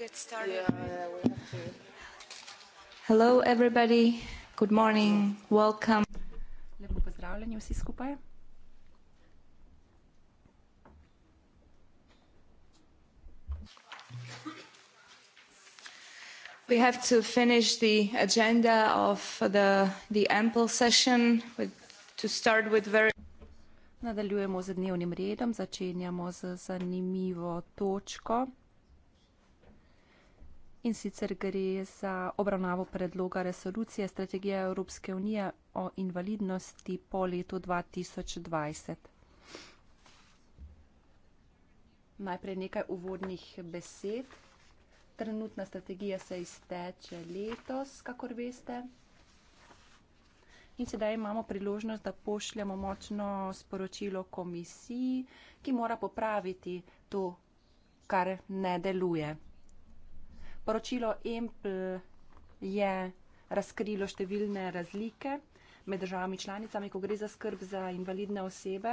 get started? Yeah, yeah, we have to. Hello, everybody. Good morning. Welcome. Lepo pozdravljeni vsi skupaj. We have to finish the agenda of the, the ample session with, to start with very. Nadaljujemo z dnevnim redom, začenjamo z zanimivo točko. In sicer gre za obravnavo predloga resolucije strategije Evropske unije o invalidnosti po letu 2020. Najprej nekaj uvodnih besed. Trenutna strategija se izteče letos, kakor veste. In sedaj imamo priložnost, da pošljemo močno sporočilo komisiji, ki mora popraviti to, kar ne deluje. Poročilo EMPL je razkrilo številne razlike med državami članicami, ko gre za skrb za invalidne osebe.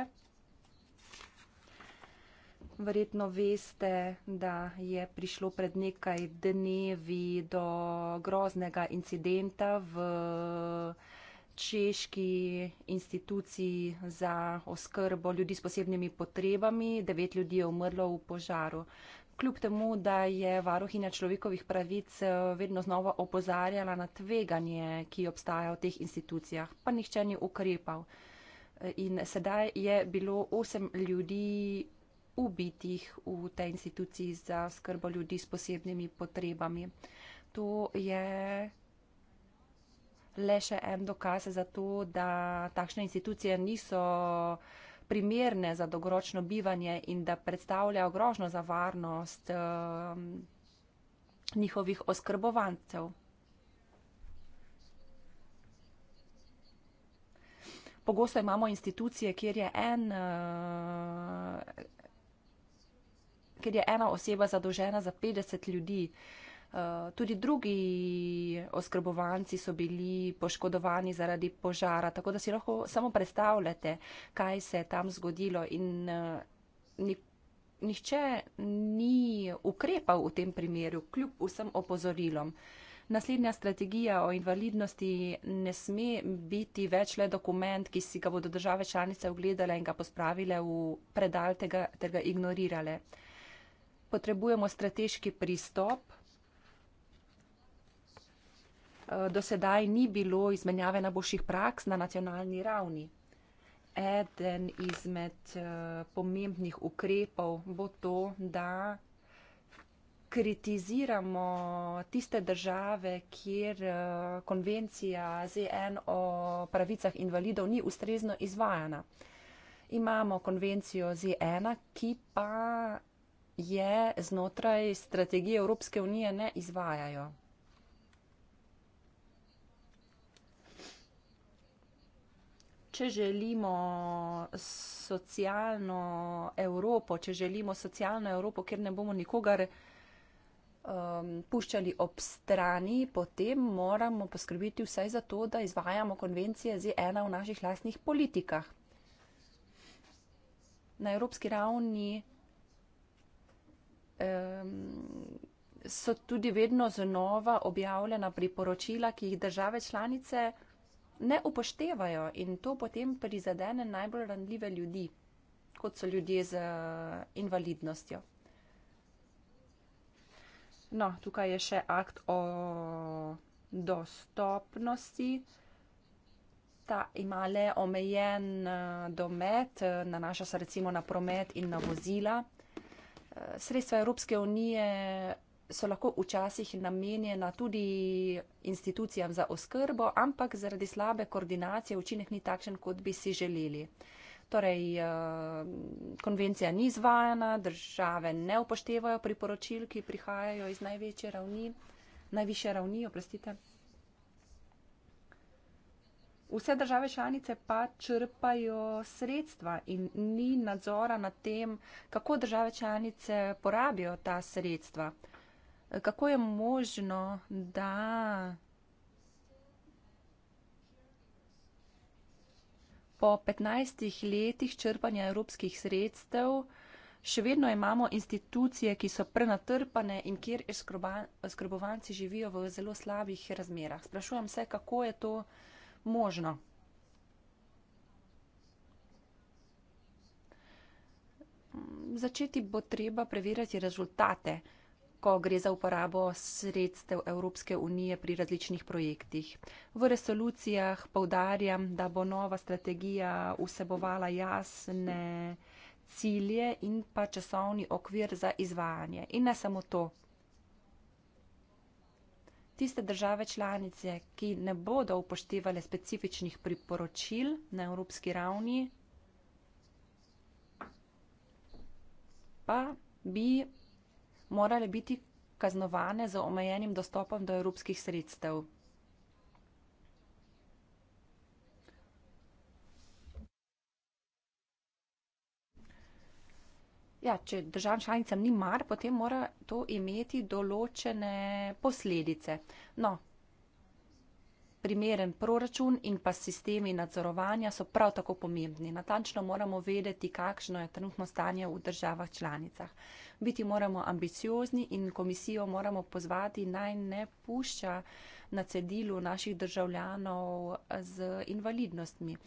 Verjetno veste, da je prišlo pred nekaj dnevi do groznega incidenta v češki instituciji za oskrbo ljudi s posebnimi potrebami. Devet ljudi je umrlo v požaru kljub temu, da je varuhinja človekovih pravic eh, vedno znova opozarjala na tveganje, ki obstaja v teh institucijah, pa nihče ni ukrepal. Eh, in sedaj je bilo osem ljudi ubitih v tej instituciji za skrbo ljudi s posebnimi potrebami. To je le še en dokaz za to, da takšne institucije niso primerne za dolgoročno bivanje in da predstavljajo grožno za varnost uh, njihovih oskrbovancev. Pogosto imamo institucije, kjer je, en, uh, kjer je ena oseba zadolžena za 50 ljudi. Uh, Eh, tudi drugi oskrbovanci so bili poškodovani zaradi požara, tako da si lahko samo predstavljate, kaj se je tam zgodilo in eh, nihče ni ukrepal v tem primeru, kljub vsem opozorilom. Naslednja strategija o invalidnosti ne sme biti več le dokument, ki si ga bodo države članice ogledale in ga pospravile v predal tega ter ga ignorirale. Potrebujemo strateški pristop, Eh, dosedaj ni bilo izmenjave najboljših praks na nacionalni ravni. Eden izmed eh, pomembnih ukrepov bo to, da kritiziramo tiste države, kjer eh, konvencija ZN o pravicah invalidov ni ustrezno izvajana. Imamo konvencijo ZN, ki pa je znotraj strategije Evropske unije ne izvajajo. če želimo socialno Evropo, če želimo socialno Evropo, kjer ne bomo nikogar um, puščali ob strani, potem moramo poskrbeti vsaj za to, da izvajamo konvencije z ena v naših lastnih politikah. Na evropski ravni um, so tudi vedno znova objavljena priporočila, ki jih države članice ne upoštevajo in to potem prizadene najbolj ranljive ljudi, kot so ljudje z eh, invalidnostjo. No, tukaj je še akt o dostopnosti. Ta ima le omejen eh, domet, eh, nanaša se recimo na promet in na vozila. Sredstva Evropske unije so lahko včasih namenjena tudi institucijam za oskrbo, ampak zaradi slabe koordinacije učinek ni takšen, kot bi si želeli. Torej, eh, konvencija ni izvajana, države ne upoštevajo priporočil, ki prihajajo iz največje ravni, najviše ravni, oprostite. Vse države članice pa črpajo sredstva in ni nadzora nad tem, kako države članice porabijo ta sredstva kako je možno, da po 15 letih črpanja evropskih sredstev še vedno imamo institucije, ki so prenatrpane in kjer skrbovanci živijo v zelo slabih razmerah. Sprašujem se, kako je to možno. Začeti bo treba preverjati rezultate ko gre za uporabo sredstev Evropske unije pri različnih projektih. V resolucijah povdarjam, da bo nova strategija vsebovala jasne cilje in pa časovni okvir za izvajanje. In ne samo to. Tiste države članice, ki ne bodo upoštevale specifičnih priporočil na evropski ravni, pa bi morale biti kaznovane z omejenim dostopom do evropskih sredstev. Ja, če državam članicam ni mar, potem mora to imeti določene posledice. No, primeren proračun in pa sistemi nadzorovanja so prav tako pomembni. Natančno moramo vedeti, kakšno je trenutno stanje v državah članicah. Biti moramo ambiciozni in komisijo moramo pozvati naj ne pušča na cedilu naših državljanov z invalidnostmi.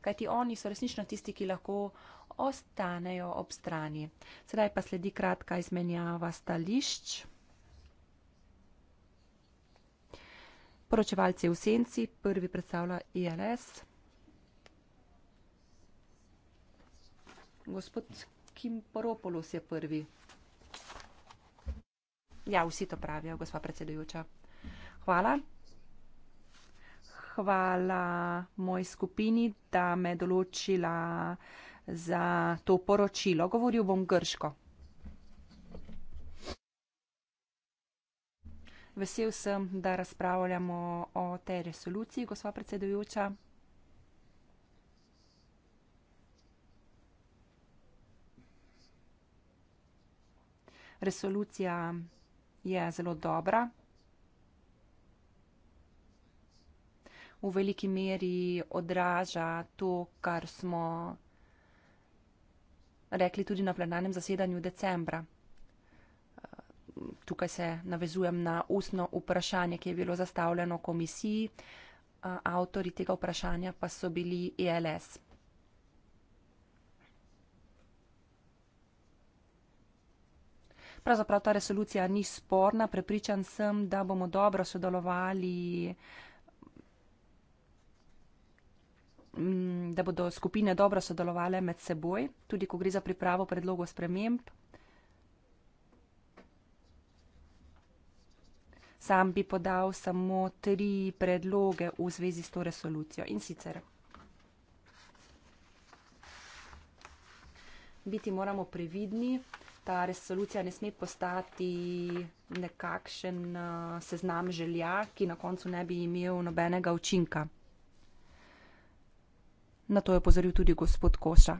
Kajti oni so resnično tisti, ki lahko ostanejo ob strani. Sedaj pa sledi kratka izmenjava stališč. Poročevalci v senci, prvi predstavlja ILS. E Gospod Kim Poropolus je prvi. Ja, vsi to pravijo, gospa predsedujoča. Hvala. Hvala moj skupini, da me določila za to poročilo. Govoril bom grško. Vesel sem, da razpravljamo o tej resoluciji, gospa predsedujoča. Resolucija je zelo dobra. V veliki meri odraža to, kar smo rekli tudi na plenarnem zasedanju decembra tukaj se navezujem na ustno vprašanje, ki je bilo zastavljeno komisiji. Avtori tega vprašanja pa so bili ELS. Pravzaprav ta resolucija ni sporna, prepričan sem, da bomo dobro sodelovali, mm, da bodo skupine dobro sodelovali med seboj, tudi ko gre za pripravo predlogov sprememb. sam bi podal samo tri predloge v zvezi s to resolucijo in sicer. Biti moramo previdni, ta resolucija ne sme postati nekakšen eh, seznam želja, ki na koncu ne bi imel nobenega učinka. Na to je pozoril tudi gospod Koša.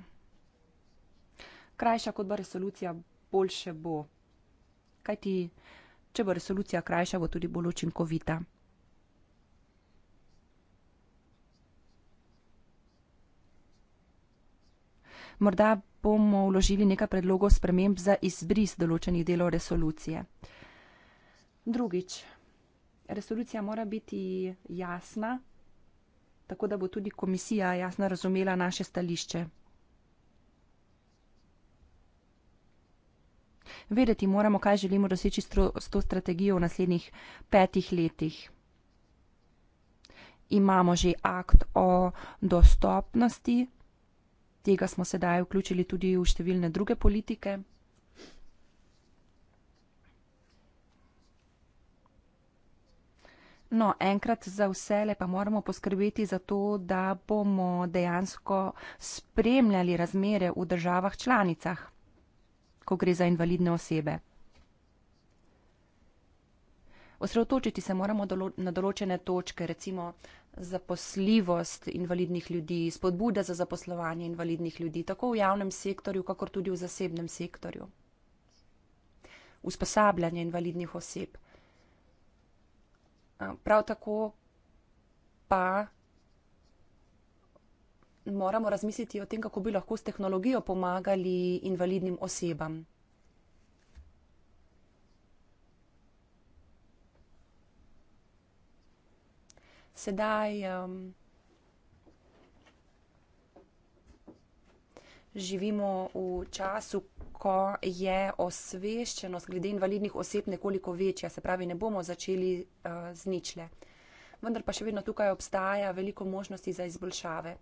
Krajša kot bo resolucija, boljše bo. Kaj ti? Če bo resolucija krajša, bo tudi bolj učinkovita. Morda bomo vložili nekaj predlogov sprememb za izbris določenih delov resolucije. Drugič, resolucija mora biti jasna, tako da bo tudi komisija jasno razumela naše stališče. vedeti moramo, kaj želimo doseči s to strategijo v naslednjih petih letih. Imamo že akt o dostopnosti, tega smo sedaj vključili tudi v številne druge politike. No, enkrat za vse le pa moramo poskrbeti za to, da bomo dejansko spremljali razmere v državah članicah ko gre za invalidne osebe. Osredotočiti se moramo na določene točke, recimo zaposljivost invalidnih ljudi, spodbude za zaposlovanje invalidnih ljudi, tako v javnem sektorju, kakor tudi v zasebnem sektorju. Usposabljanje invalidnih oseb. Prav tako pa moramo razmisliti o tem, kako bi lahko s tehnologijo pomagali invalidnim osebam. Sedaj um, živimo v času, ko je osveščenost glede invalidnih oseb nekoliko večja, se pravi, ne bomo začeli uh, z ničle. Vendar pa še vedno tukaj obstaja veliko možnosti za izboljšave.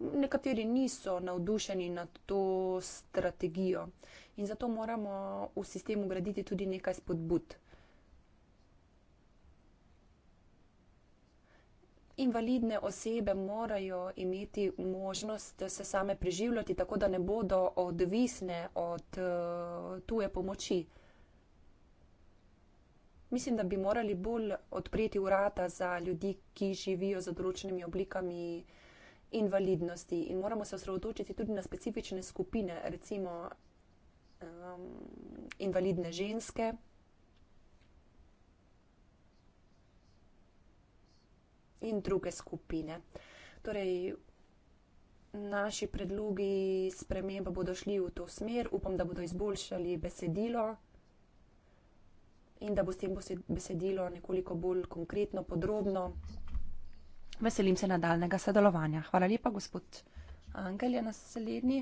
nekateri niso navdušeni nad to strategijo. In zato moramo v sistemu graditi tudi nekaj spodbud. Invalidne osebe morajo imeti možnost se same preživljati, tako da ne bodo odvisne od uh, tuje pomoči. Mislim, da bi morali bolj odpreti urata za ljudi, ki živijo z odročenimi oblikami uh, invalidnosti in moramo se osredotočiti tudi na specifične skupine, recimo um, invalidne ženske. In druge skupine. Torej, naši predlogi spremembe bodo šli v to smer, upam, da bodo izboljšali besedilo in da bo s tem besedilo nekoliko bolj konkretno, podrobno veselim se nadaljnega sodelovanja. Hvala lepa, gospod Angel je naslednji.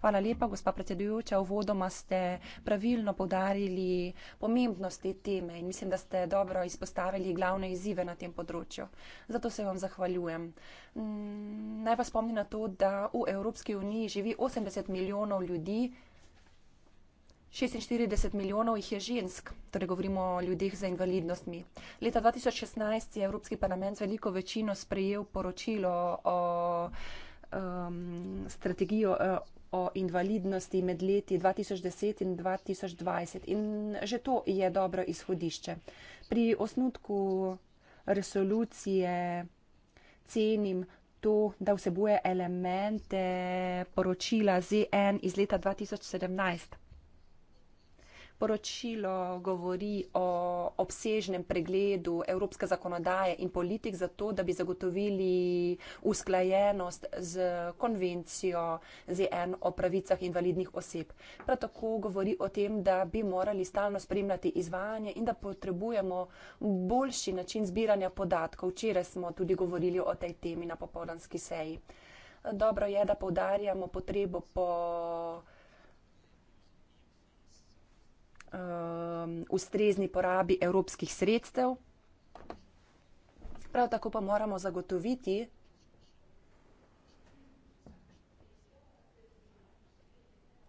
Hvala lepa, gospa predsedujoča. Uvodoma ste pravilno povdarili pomembnost te teme in mislim, da ste dobro izpostavili glavne izzive na tem področju. Zato se vam zahvaljujem. Mm, naj vas spomni na to, da v Evropski uniji živi 80 milijonov ljudi, 46 milijonov jih je žensk, torej govorimo o ljudeh z invalidnostmi. Leta 2016 je Evropski parlament z veliko večino sprejel poročilo o um, strategijo eh, o invalidnosti med leti 2010 in 2020 in že to je dobro izhodišče. Pri osnutku resolucije cenim to, da vsebuje elemente poročila ZN iz leta 2017. Poročilo govori o obsežnem pregledu evropske zakonodaje in politik za to, da bi zagotovili usklajenost z konvencijo ZN o pravicah invalidnih oseb. Prav tako govori o tem, da bi morali stalno spremljati izvajanje in da potrebujemo boljši način zbiranja podatkov. Včeraj smo tudi govorili o tej temi na popolanski seji. Dobro je, da poudarjamo potrebo po um, ustrezni porabi evropskih sredstev. Prav tako pa moramo zagotoviti,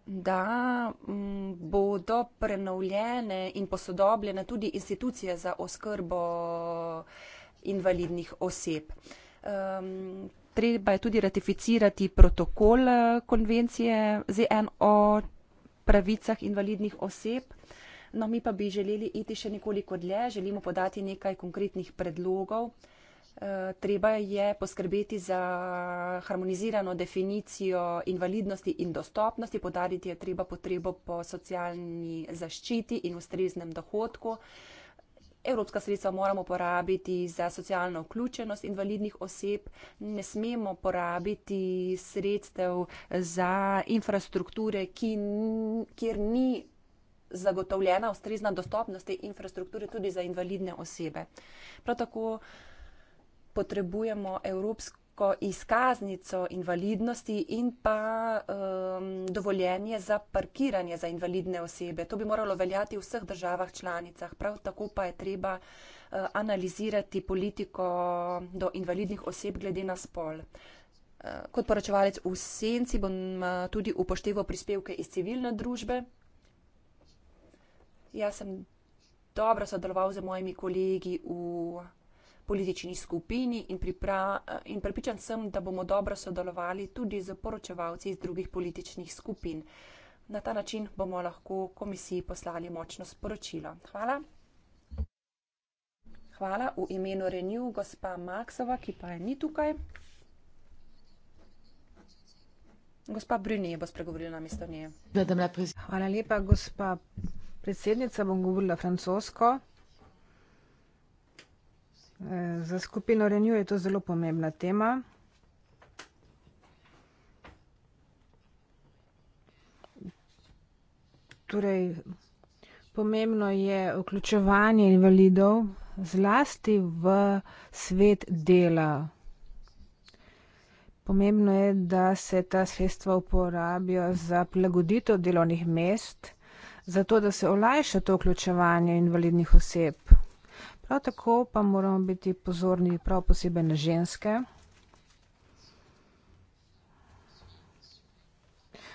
da mm, bodo prenovljene in posodobljene tudi institucije za oskrbo invalidnih oseb. Um, treba je tudi ratificirati protokol eh, konvencije ZNO pravicah invalidnih oseb. No, mi pa bi želeli iti še nekoliko dlje, želimo podati nekaj konkretnih predlogov. Eh, treba je poskrbeti za harmonizirano definicijo invalidnosti in dostopnosti, podariti je treba potrebo po socialni zaščiti in ustreznem dohodku. Evropska sredstva moramo porabiti za socialno vključenost invalidnih oseb, ne smemo porabiti sredstev za infrastrukture, ki, kjer ni zagotovljena ustrezna dostopnost te infrastrukture tudi za invalidne osebe. Prav tako potrebujemo evropsko lahko izkaznico invalidnosti in pa um, dovoljenje za parkiranje za invalidne osebe. To bi moralo veljati v vseh državah članicah. Prav tako pa je treba uh, analizirati politiko do invalidnih oseb glede na spol. Uh, kot poročevalec v senci bom uh, tudi upošteval prispevke iz civilne družbe. Jaz sem dobro sodeloval z mojimi kolegi v politični skupini in, in pripričan sem, da bomo dobro sodelovali tudi z poročevalci iz drugih političnih skupin. Na ta način bomo lahko komisiji poslali močno sporočilo. Hvala. Hvala v imenu Renew, gospa Maksova, ki pa je ni tukaj. Gospa Brunje bo spregovorila na mesto nje. Hvala lepa, gospa predsednica. Bom govorila francosko. Za skupino Renew je to zelo pomembna tema. Torej, pomembno je vključevanje invalidov zlasti v svet dela. Pomembno je, da se ta sredstva uporabijo za prilagoditev delovnih mest, zato da se olajša to vključevanje invalidnih oseb. Prav tako pa moramo biti pozorni prav posebej na ženske.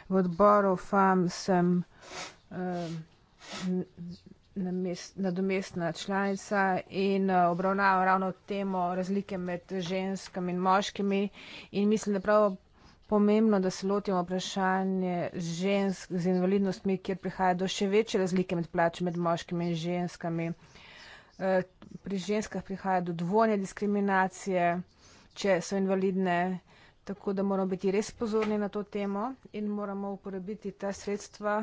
V odboru FAM sem eh, nadomestna članica in eh, obravnavam ravno temo razlike med ženskami in moškimi in mislim, da prav pomembno, da se lotimo vprašanje žensk z invalidnostmi, kjer prihaja do še večje razlike med plačami med moškimi in ženskami. Eh, pri ženskah prihaja do dvojne diskriminacije, če so invalidne, tako da moramo biti res pozorni na to temo in moramo uporabiti ta sredstva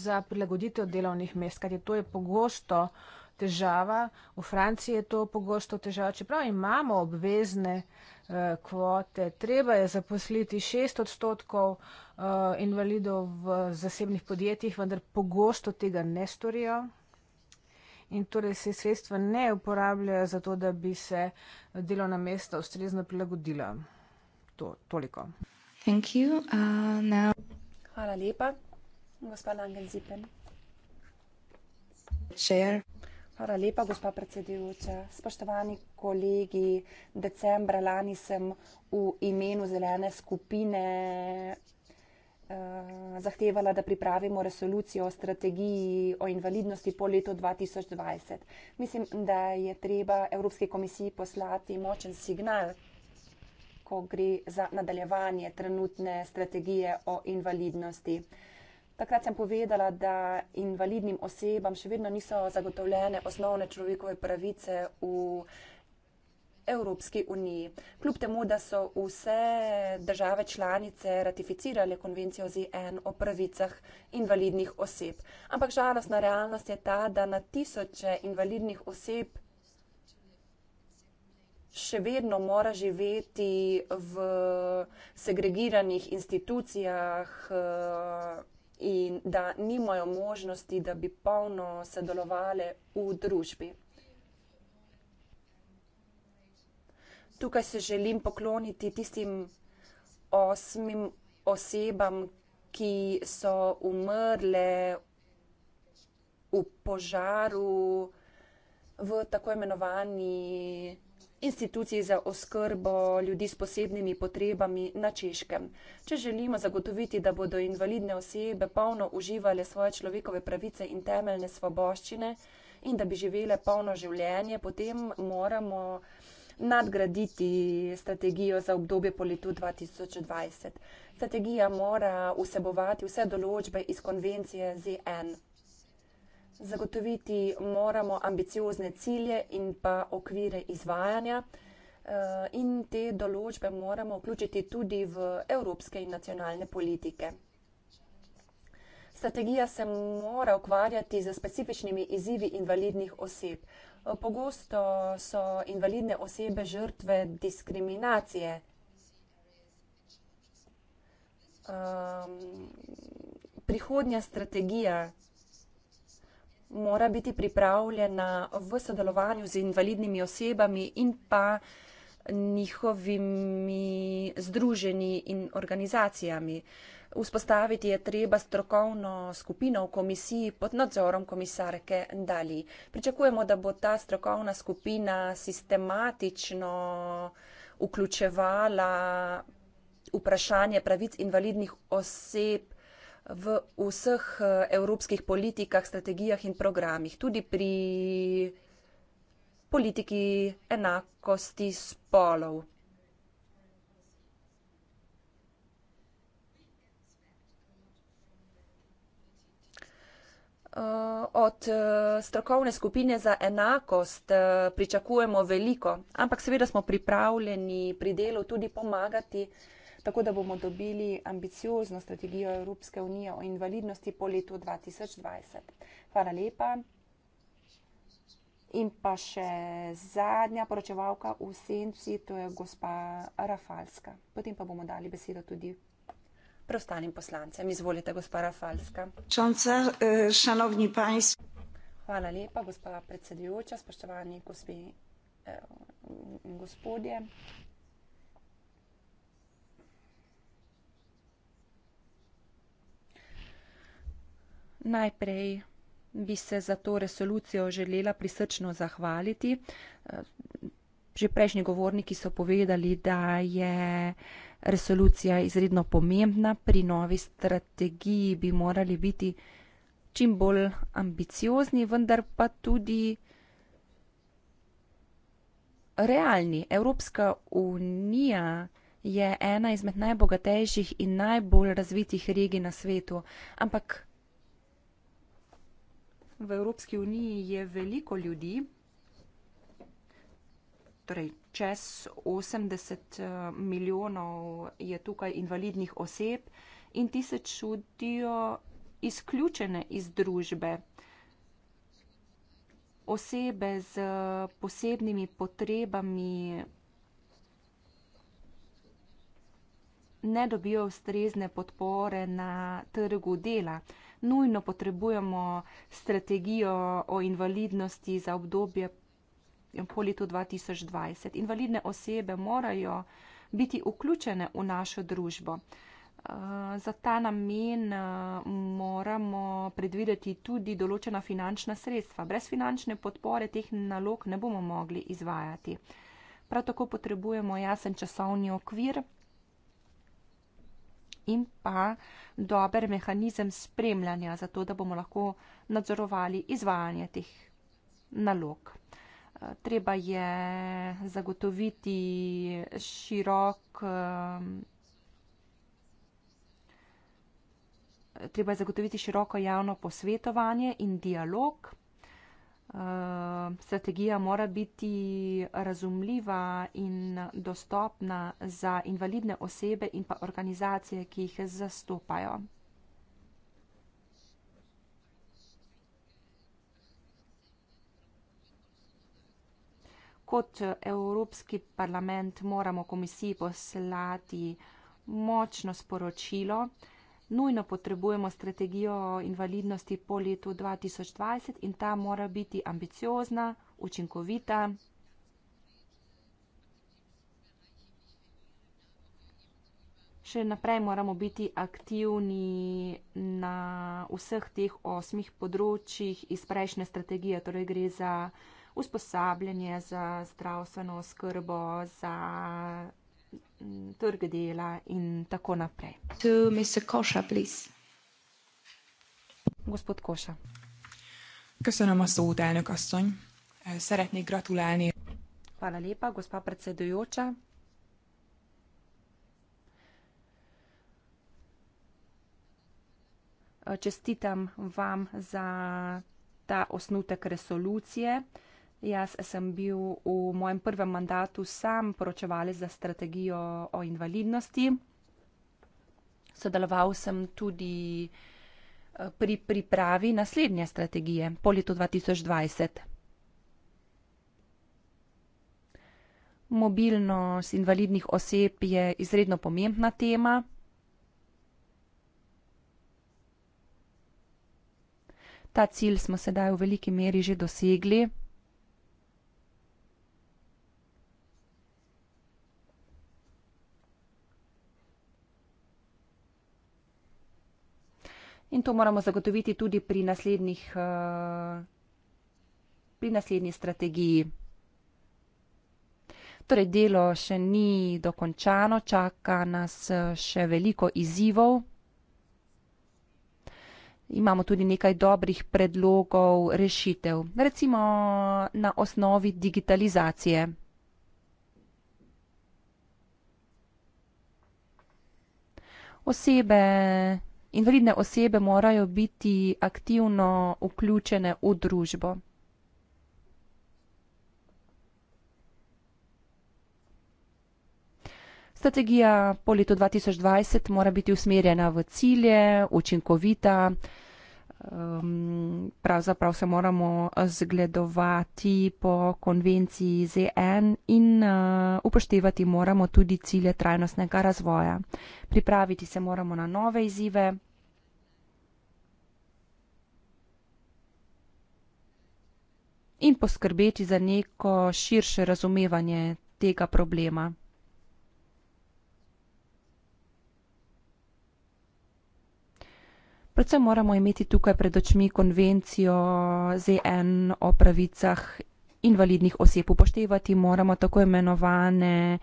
za prilagoditev delovnih mest, kajti to je pogosto težava. V Franciji je to pogosto težava, čeprav imamo obvezne eh, kvote. Treba je zaposliti šest odstotkov eh, invalidov v zasebnih podjetjih, vendar pogosto tega ne storijo in torej se sredstva ne uporabljajo za to, da bi se delovna mesta ustrezno prilagodila. To, toliko. You, uh, Hvala lepa, gospa Langen Zipen. Share. Hvala lepa, gospa predsedujoča. Spoštovani kolegi, decembra lani sem v imenu zelene skupine Eh, zahtevala, da pripravimo resolucijo o strategiji o invalidnosti po letu 2020. Mislim, da je treba Evropski komisiji poslati močen signal, ko gre za nadaljevanje trenutne strategije o invalidnosti. Takrat sem povedala, da invalidnim osebam še vedno niso zagotovljene osnovne človekove pravice v Evropi. Evropski uniji. Kljub temu, da so vse države članice ratificirale konvencijo ZN o pravicah invalidnih oseb. Ampak žalostna realnost je ta, da na tisoče invalidnih oseb še vedno mora živeti v segregiranih institucijah eh, in da nimajo možnosti, da bi polno sodelovali v družbi. tukaj se želim pokloniti tistim osmim osebam, ki so umrle v požaru v tako imenovani instituciji za oskrbo ljudi s posebnimi potrebami na Češkem. Če želimo zagotoviti, da bodo invalidne osebe polno uživale svoje človekove pravice in temeljne svoboščine in da bi živele polno življenje, potem moramo nadgraditi strategijo za obdobje po letu 2020. Strategija mora vsebovati vse določbe iz konvencije ZN. Zagotoviti moramo ambiciozne cilje in pa okvire izvajanja, eh, in te določbe moramo vključiti tudi v evropske in nacionalne politike. Strategija se mora ukvarjati z specifičnimi izzivi invalidnih oseb. Pogosto so invalidne osebe žrtve diskriminacije. Um, prihodnja strategija mora biti pripravljena v sodelovanju z invalidnimi osebami in pa njihovimi združeni in organizacijami. Uh, Vzpostaviti je treba strokovno skupino v komisiji pod nadzorom komisarke Dali. Pričakujemo, da bo ta strokovna skupina sistematično vključevala vprašanje pravic invalidnih oseb v vseh eh, evropskih politikah, strategijah in programih, tudi pri politiki enakosti spolov. Eh, od eh, strokovne skupine za enakost eh, pričakujemo veliko, ampak seveda smo pripravljeni pri delu tudi pomagati, tako da bomo dobili ambiciozno strategijo Evropske unije o invalidnosti po letu 2020. Hvala lepa. In pa še zadnja poročevalka v senci, to je gospa Rafalska. Potem pa bomo dali besedo tudi preostalim poslancem. Izvolite, gospa Rafalska. Čonce, šanovni pajs. Hvala lepa, gospa predsedujoča, spoštovani gospi in eh, gospodje. Najprej bi se za to resolucijo želela prisrčno zahvaliti. E, že prejšnji govorniki so povedali, da je resolucija izredno pomembna. Pri novi strategiji bi morali biti čim bolj ambiciozni, vendar pa tudi realni. Evropska unija je ena izmed najbogatejših in najbolj razvitih regij na svetu, ampak v Evropski uniji je veliko ljudi, torej čez 80 eh, milijonov je tukaj invalidnih oseb in ti se čudijo izključene iz družbe. Osebe z eh, posebnimi potrebami ne dobijo ustrezne podpore na trgu dela. Nujno potrebujemo strategijo o invalidnosti za obdobje po letu 2020. Invalidne osebe morajo biti vključene v našo družbo. Eh, za ta namen eh, moramo predvideti tudi določena finančna sredstva. Brez finančne podpore teh nalog ne bomo mogli izvajati. Prav tako potrebujemo jasen časovni okvir in pa dober mehanizem spremljanja, zato da bomo lahko nadzorovali izvajanje teh nalog treba je zagotoviti širok. Um, treba je zagotoviti široko javno posvetovanje in dialog. Uh, strategija mora biti razumljiva in dostopna za invalidne osebe in pa organizacije, ki jih zastopajo. Kot Evropski parlament moramo komisiji poslati močno sporočilo. Nujno potrebujemo strategijo invalidnosti po letu 2020 in ta mora biti ambiciozna, učinkovita. Še naprej moramo biti aktivni na vseh teh osmih področjih iz prejšnje strategije, torej gre za usposabljanje za zdravstveno oskrbo, za mm, trg dela in tako naprej. Koša, Gospod Koša. Köszönöm a szót, elnök asszony. Eh, szeretnék gratulálni. Hvala lepa, gospa predsedujoča. Eh, čestitam vam za ta osnutek resolucije. Jaz sem bil v mojem prvem mandatu sam poročevalec za strategijo o invalidnosti. Sodeloval sem tudi eh, pri pripravi naslednje strategije po letu 2020. Mobilnost invalidnih oseb je izredno pomembna tema. Ta cilj smo sedaj v veliki meri že dosegli. in to moramo zagotoviti tudi pri, uh, pri naslednji strategiji. Torej, delo še ni dokončano, čaka nas eh, še veliko izzivov. Imamo tudi nekaj dobrih predlogov rešitev, recimo na osnovi digitalizacije. Osebe Invalidne osebe morajo biti aktivno vključene v družbo. Strategija po letu 2020 mora biti usmerjena v cilje, učinkovita, um, pravzaprav se moramo zgledovati po konvenciji ZN in uh, upoštevati moramo tudi cilje trajnostnega razvoja. Pripraviti se moramo na nove izzive. in poskrbeti za neko širše razumevanje tega problema. Predvsem moramo imeti tukaj pred očmi konvencijo ZN o pravicah invalidnih oseb. Upoštevati moramo tako imenovane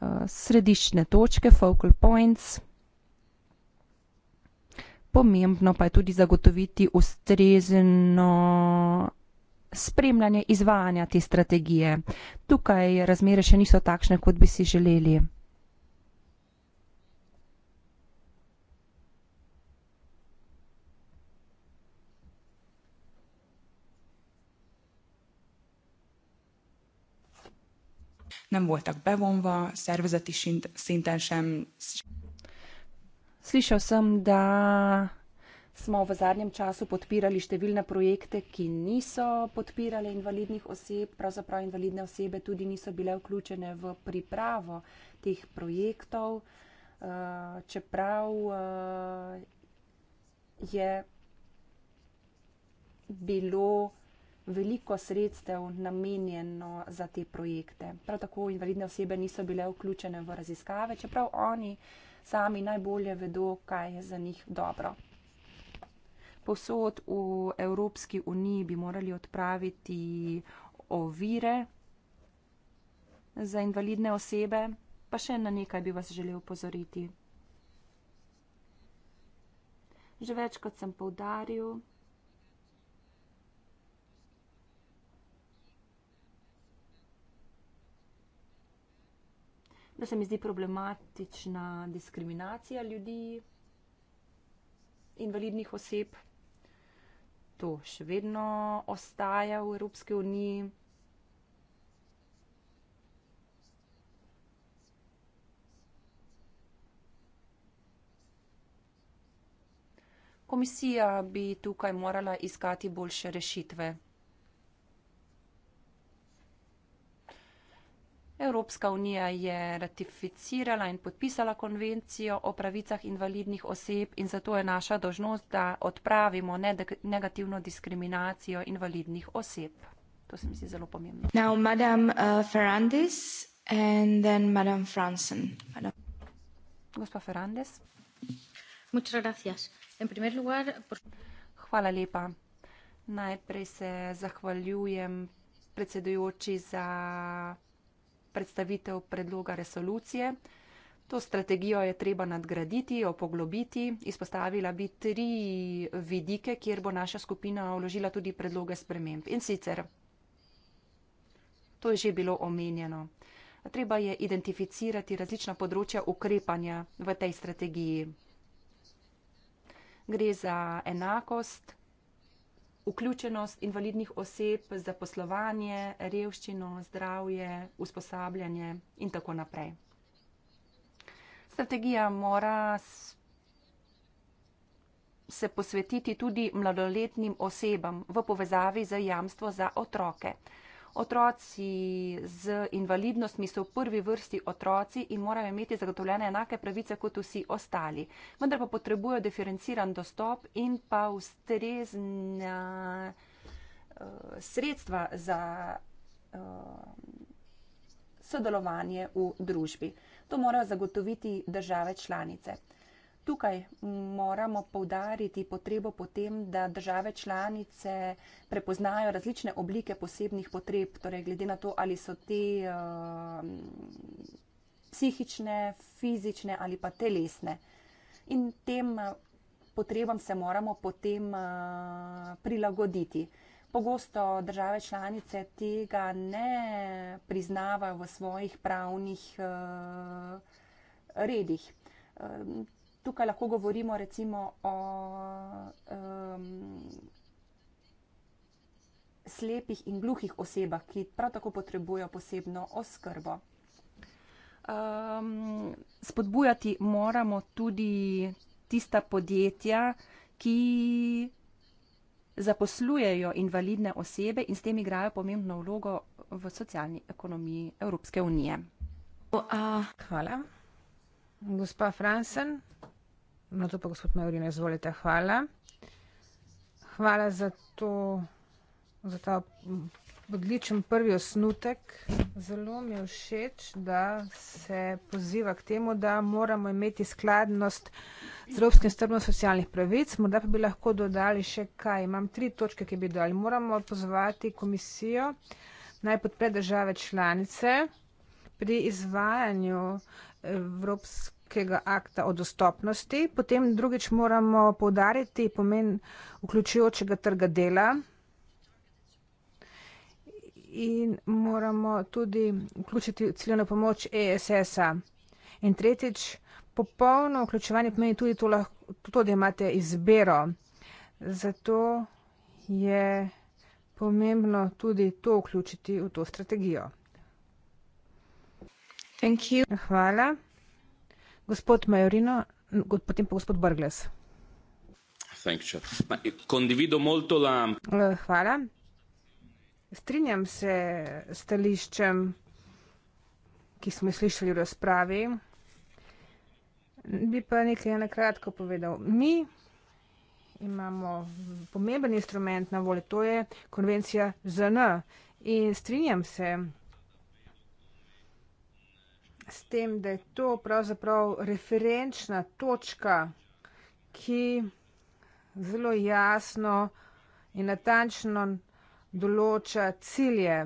uh, središčne točke, focal points. Pomembno pa je tudi zagotoviti ustrezno spremljanje izvajanja te strategije. Tukaj razmere še niso takšne, kot bi si želeli. Nem voltak bevonva, szervezeti szinten sem. Slišal sem, da smo v zadnjem času podpirali številne projekte, ki niso podpirali invalidnih oseb, pravzaprav invalidne osebe tudi niso bile vključene v pripravo teh projektov, eh, čeprav eh, je bilo veliko sredstev namenjeno za te projekte. Prav tako invalidne osebe niso bile vključene v raziskave, čeprav oni sami najbolje vedo, kaj je za njih dobro posod v Evropski uniji bi morali odpraviti ovire za invalidne osebe. Pa še na nekaj bi vas želel pozoriti. Že več kot sem povdaril, da se mi zdi problematična diskriminacija ljudi, invalidnih oseb to še vedno ostaja v Evropski uniji. Komisija bi tukaj morala iskati boljše rešitve. Evropska unija je ratificirala in podpisala konvencijo o pravicah invalidnih oseb in zato je naša dožnost, da odpravimo negativno diskriminacijo invalidnih oseb. To se mi zdi zelo pomembno. Now, Madam, uh, Ferrandis in then Madam Franson. Madam. Gospa Ferrandis. Muchas gracias. En primer lugar, por... Hvala lepa. Najprej se zahvaljujem predsedujoči za predstavitev predloga resolucije. To strategijo je treba nadgraditi, opoglobiti. Izpostavila bi tri vidike, kjer bo naša skupina vložila tudi predloge sprememb. In sicer, to je že bilo omenjeno, treba je identificirati različna področja ukrepanja v tej strategiji. Gre za enakost, vključenost invalidnih oseb, zaposlovanje, revščino, zdravje, usposabljanje in tako naprej. Strategija mora se posvetiti tudi mladoletnim osebam v povezavi z jamstvo za otroke. Otroci z invalidnostmi so v prvi vrsti otroci in morajo imeti zagotovljene enake pravice kot vsi ostali. Vendar pa potrebujo diferenciran dostop in pa ustrezna uh, sredstva za uh, sodelovanje v družbi. To morajo zagotoviti države članice tukaj moramo povdariti potrebo potem, da države članice prepoznajo različne oblike posebnih potreb, torej glede na to, ali so te uh, psihične, fizične ali pa telesne. In tem uh, potrebam se moramo potem uh, prilagoditi. Pogosto države članice tega ne priznavajo v svojih pravnih uh, redih. Um, tukaj lahko govorimo recimo o um, slepih in gluhih osebah, ki prav tako potrebujo posebno oskrbo. Um, spodbujati moramo tudi tista podjetja, ki zaposlujejo invalidne osebe in s tem igrajo pomembno vlogo v socialni ekonomiji Evropske unije. Hvala. Gospa Fransen, No to pa gospod Majorina, izvolite, hvala. Hvala za, to, za ta odličen prvi osnutek. Zelo mi je všeč, da se poziva k temu, da moramo imeti skladnost z Evropskim strbom socialnih pravic. Morda pa bi lahko dodali še kaj. Imam tri točke, ki bi dali. Moramo pozvati komisijo naj podpre države članice pri izvajanju Evropske nekega akta o dostopnosti, potem drugič moramo povdariti pomen vključujočega trga dela in moramo tudi vključiti ciljno pomoč ESS-a. In tretjič, popolno vključevanje pomeni tudi to, lahko, to, da imate izbiro. Zato je pomembno tudi to vključiti v to strategijo. Thank you. Hvala. Gospod Majorino, potem pa gospod Brgles. Eh, eh, hvala. Strinjam se s stališčem, ki smo slišali v razpravi. Bi pa nekaj na kratko povedal. Mi imamo pomemben instrument na voljo, to je konvencija ZN. In strinjam se, s tem, da je to pravzaprav referenčna točka, ki zelo jasno in natančno določa cilje,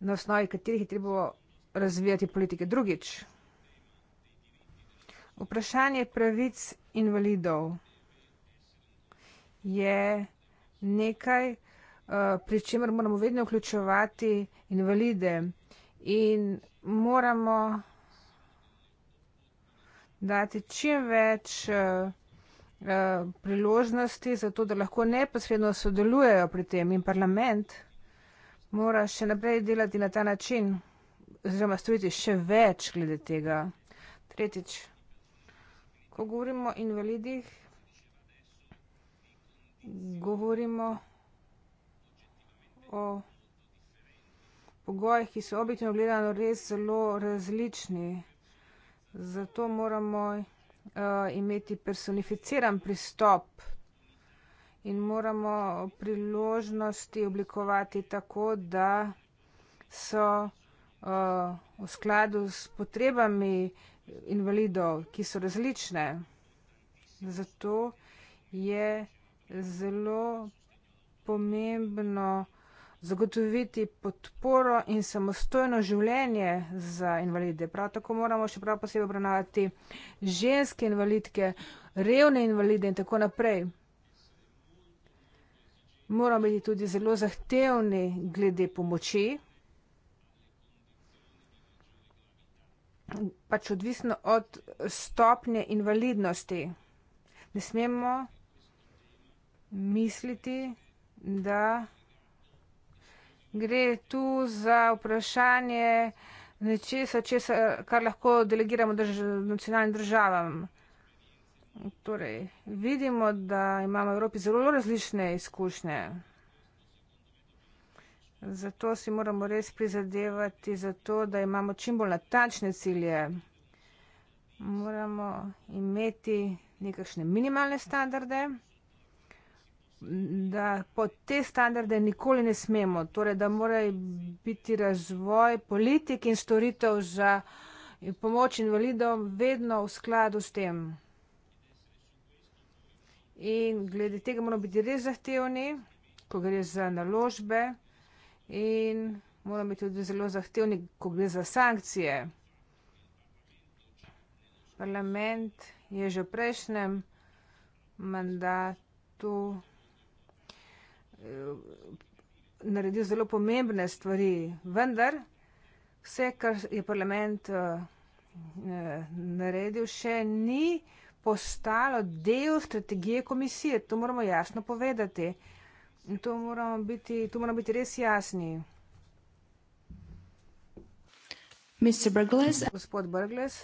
na osnovi katerih je treba razvijati politike. Drugič, vprašanje pravic invalidov je nekaj, eh, pri čemer moramo vedno vključevati invalide in moramo dati čim več eh, eh, priložnosti za to, da lahko neposredno sodelujejo pri tem in parlament mora še naprej delati na ta način oziroma storiti še več glede tega. Tretjič, ko govorimo o invalidih, govorimo o pogojih, ki so objektivno gledano res zelo različni. Zato moramo uh, imeti personificiran pristop in moramo priložnosti oblikovati tako, da so uh, v skladu s potrebami invalidov, ki so različne. Zato je zelo pomembno zagotoviti podporo in samostojno življenje za invalide. Prav tako moramo še prav posebej obravnavati ženske invalidke, revne invalide in tako naprej. Moramo biti tudi zelo zahtevni glede pomoči, pač odvisno od stopnje invalidnosti. Ne smemo misliti, da Gre tu za vprašanje nečesa, česa, kar lahko delegiramo drž nacionalnim državam. Torej, vidimo, da imamo v Evropi zelo različne izkušnje. Zato si moramo res prizadevati za to, da imamo čim bolj natančne cilje. Moramo imeti nekakšne minimalne standarde da pod te standarde nikoli ne smemo, torej da mora biti razvoj politik in storitev za pomoč invalidom vedno v skladu s tem. In glede tega moramo biti res zahtevni, ko gre za naložbe in moramo biti tudi zelo zahtevni, ko gre za sankcije. Parlament je že v prejšnjem mandatu Eh, naredil zelo pomembne stvari, vendar vse, kar je parlament eh, eh, naredil, še ni postalo del strategije komisije. To moramo jasno povedati. To moramo biti, to moramo biti res jasni. Gospod Brgles,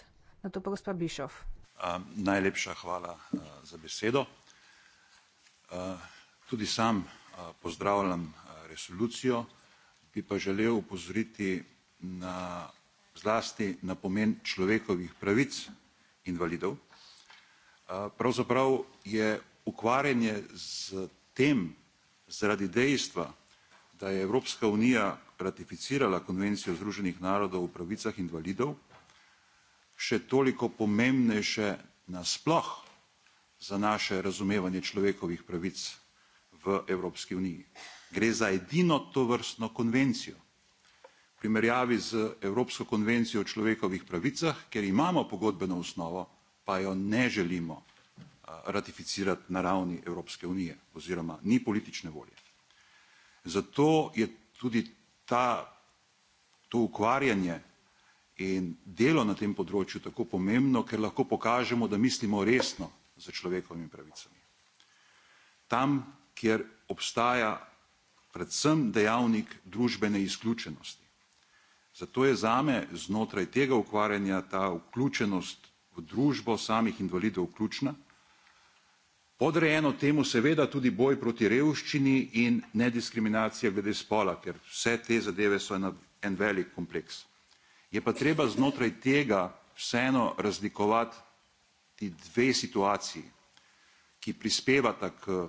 na to pa gospa Bišov. Um, najlepša hvala uh, za besedo. Uh, tudi sam uh, pozdravljam resolucijo, bi pa želel opozoriti na zlasti na pomen človekovih pravic invalidov. Pravzaprav je ukvarjanje z tem zaradi dejstva, da je Evropska unija ratificirala Konvencijo Združenih narodov o pravicah invalidov, še toliko pomembnejše nasploh za naše razumevanje človekovih pravic v Evropski uniji. Gre za edino tovrstno konvencijo. V primerjavi z Evropsko konvencijo o človekovih pravicah, ker imamo pogodbeno osnovo, pa jo ne želimo ratificirati na ravni Evropske unije oziroma ni politične volje. Zato je tudi ta, to ukvarjanje in delo na tem področju tako pomembno, ker lahko pokažemo, da mislimo resno za človekovimi pravicami. Tam, kjer obstaja predvsem dejavnik družbene izključenosti. Zato je zame znotraj tega ukvarjanja ta vključenost v družbo samih invalidov ključna. Podrejeno temu seveda tudi boj proti revščini in nediskriminacija glede spola, ker vse te zadeve so ena, en velik kompleks. Je pa treba znotraj tega vseeno razlikovati ti dve situaciji, ki prispevata k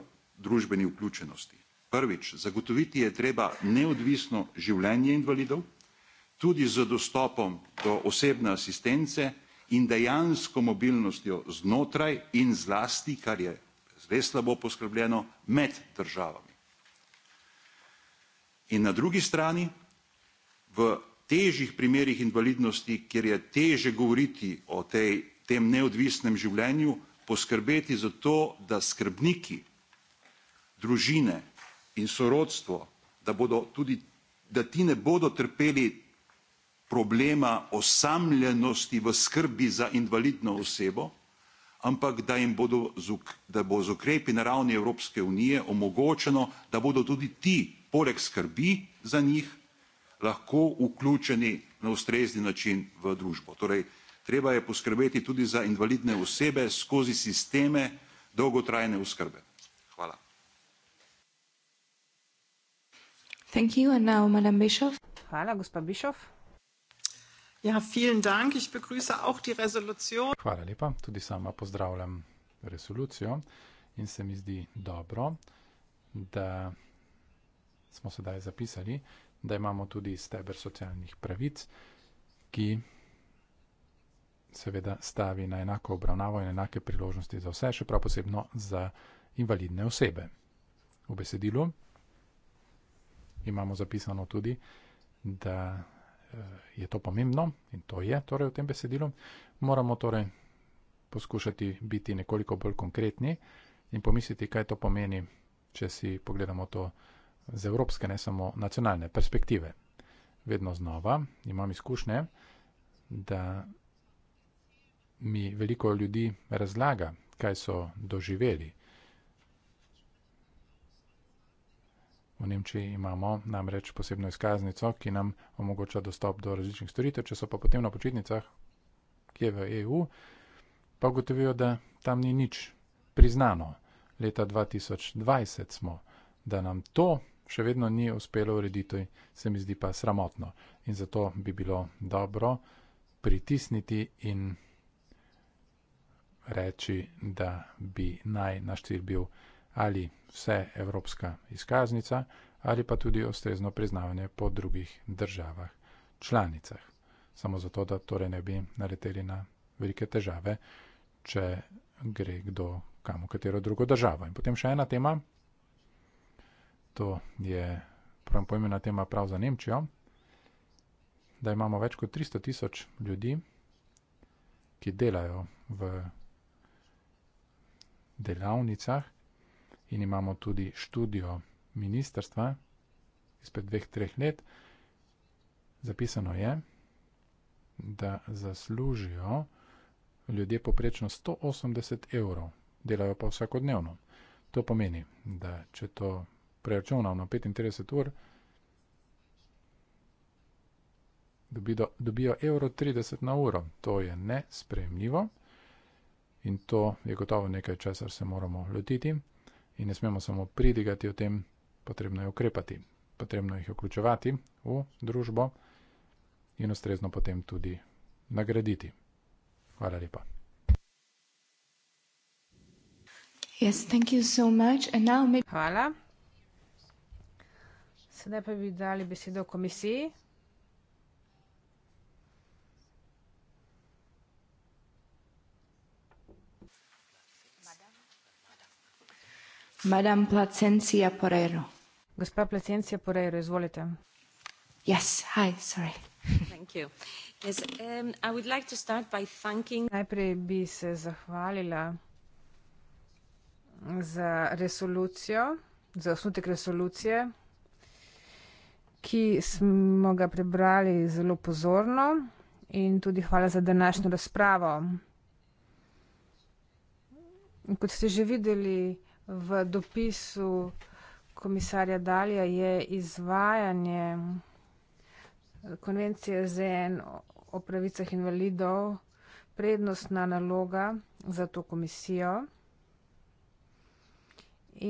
družbeni vključenosti. Prvič, zagotoviti je treba neodvisno življenje invalidov, tudi z dostopom do osebne asistence in dejansko mobilnostjo znotraj in zlasti, kar je res slabo poskrbljeno, med državami. In na drugi strani, v težjih primerih invalidnosti, kjer je težje govoriti o tej, tem neodvisnem življenju, poskrbeti za to, da skrbniki družine in sorodstvo, da bodo tudi, da ti ne bodo trpeli problema osamljenosti v skrbi za invalidno osebo, ampak da jim bodo z, da bo z ukrepi na ravni Evropske unije omogočeno, da bodo tudi ti poleg skrbi za njih lahko vključeni na ustrezni način v družbo. Torej, treba je poskrbeti tudi za invalidne osebe skozi sisteme dolgotrajne oskrbe. Thank you and now Madame Bischof. Hvala, gospa Bischof. Ja, vielen Dank. Ich begrüße auch die Resolution. Hvala lepa, tudi sama pozdravljam resolucijo in se mi zdi dobro, da smo sedaj zapisali, da imamo tudi steber socialnih pravic, ki seveda stavi na enako obravnavo in enake priložnosti za vse, še prav posebno za invalidne osebe. V besedilu imamo zapisano tudi, da eh, je to pomembno in to je torej v tem besedilu. Moramo torej poskušati biti nekoliko bolj konkretni in pomisliti, kaj to pomeni, če si pogledamo to z evropske, ne samo nacionalne perspektive. Vedno znova imam izkušnje, da mi veliko ljudi razlaga, kaj so doživeli. V Nemčiji imamo namreč posebno izkaznico, ki nam omogoča dostop do različnih storitev, če so pa potem na počitnicah, ki je v EU, pa ugotovijo, da tam ni nič priznano. Leta 2020 smo, da nam to še vedno ni uspelo urediti, se mi zdi pa sramotno. In zato bi bilo dobro pritisniti in reči, da bi naj naš cilj bil ali vse evropska izkaznica, ali pa tudi ustrezno priznavanje po drugih državah članicah. Samo zato, da torej ne bi naleteli na velike težave, če gre kdo kam v katero drugo državo. In potem še ena tema, to je prvem pojmena tema prav za Nemčijo, da imamo več kot 300 tisoč ljudi, ki delajo v delavnicah, in imamo tudi študijo ministrstva izpred dveh, treh let. Zapisano je, da zaslužijo ljudje poprečno 180 evrov, delajo pa vsakodnevno. To pomeni, da če to preračunamo na 35 ur, dobijo evro 30 na uro. To je nespremljivo in to je gotovo nekaj, česar se moramo lotiti in ne smemo samo pridigati o tem, potrebno je ukrepati, potrebno jih vključevati v družbo in ustrezno potem tudi nagraditi. Hvala lepa. Yes, so Hvala. Sedaj pa bi dali besedo komisiji. Madame Placencia Porero. Gospa Placencia Porero, izvolite. Yes, hi, sorry. Thank you. Yes, um, I would like to start by thanking... Najprej bi se zahvalila za resolucijo, za osnutek resolucije, ki smo ga prebrali zelo pozorno in tudi hvala za današnjo razpravo. Kot ste že videli, v dopisu komisarja Dalja je izvajanje konvencije ZN o pravicah invalidov prednostna naloga za to komisijo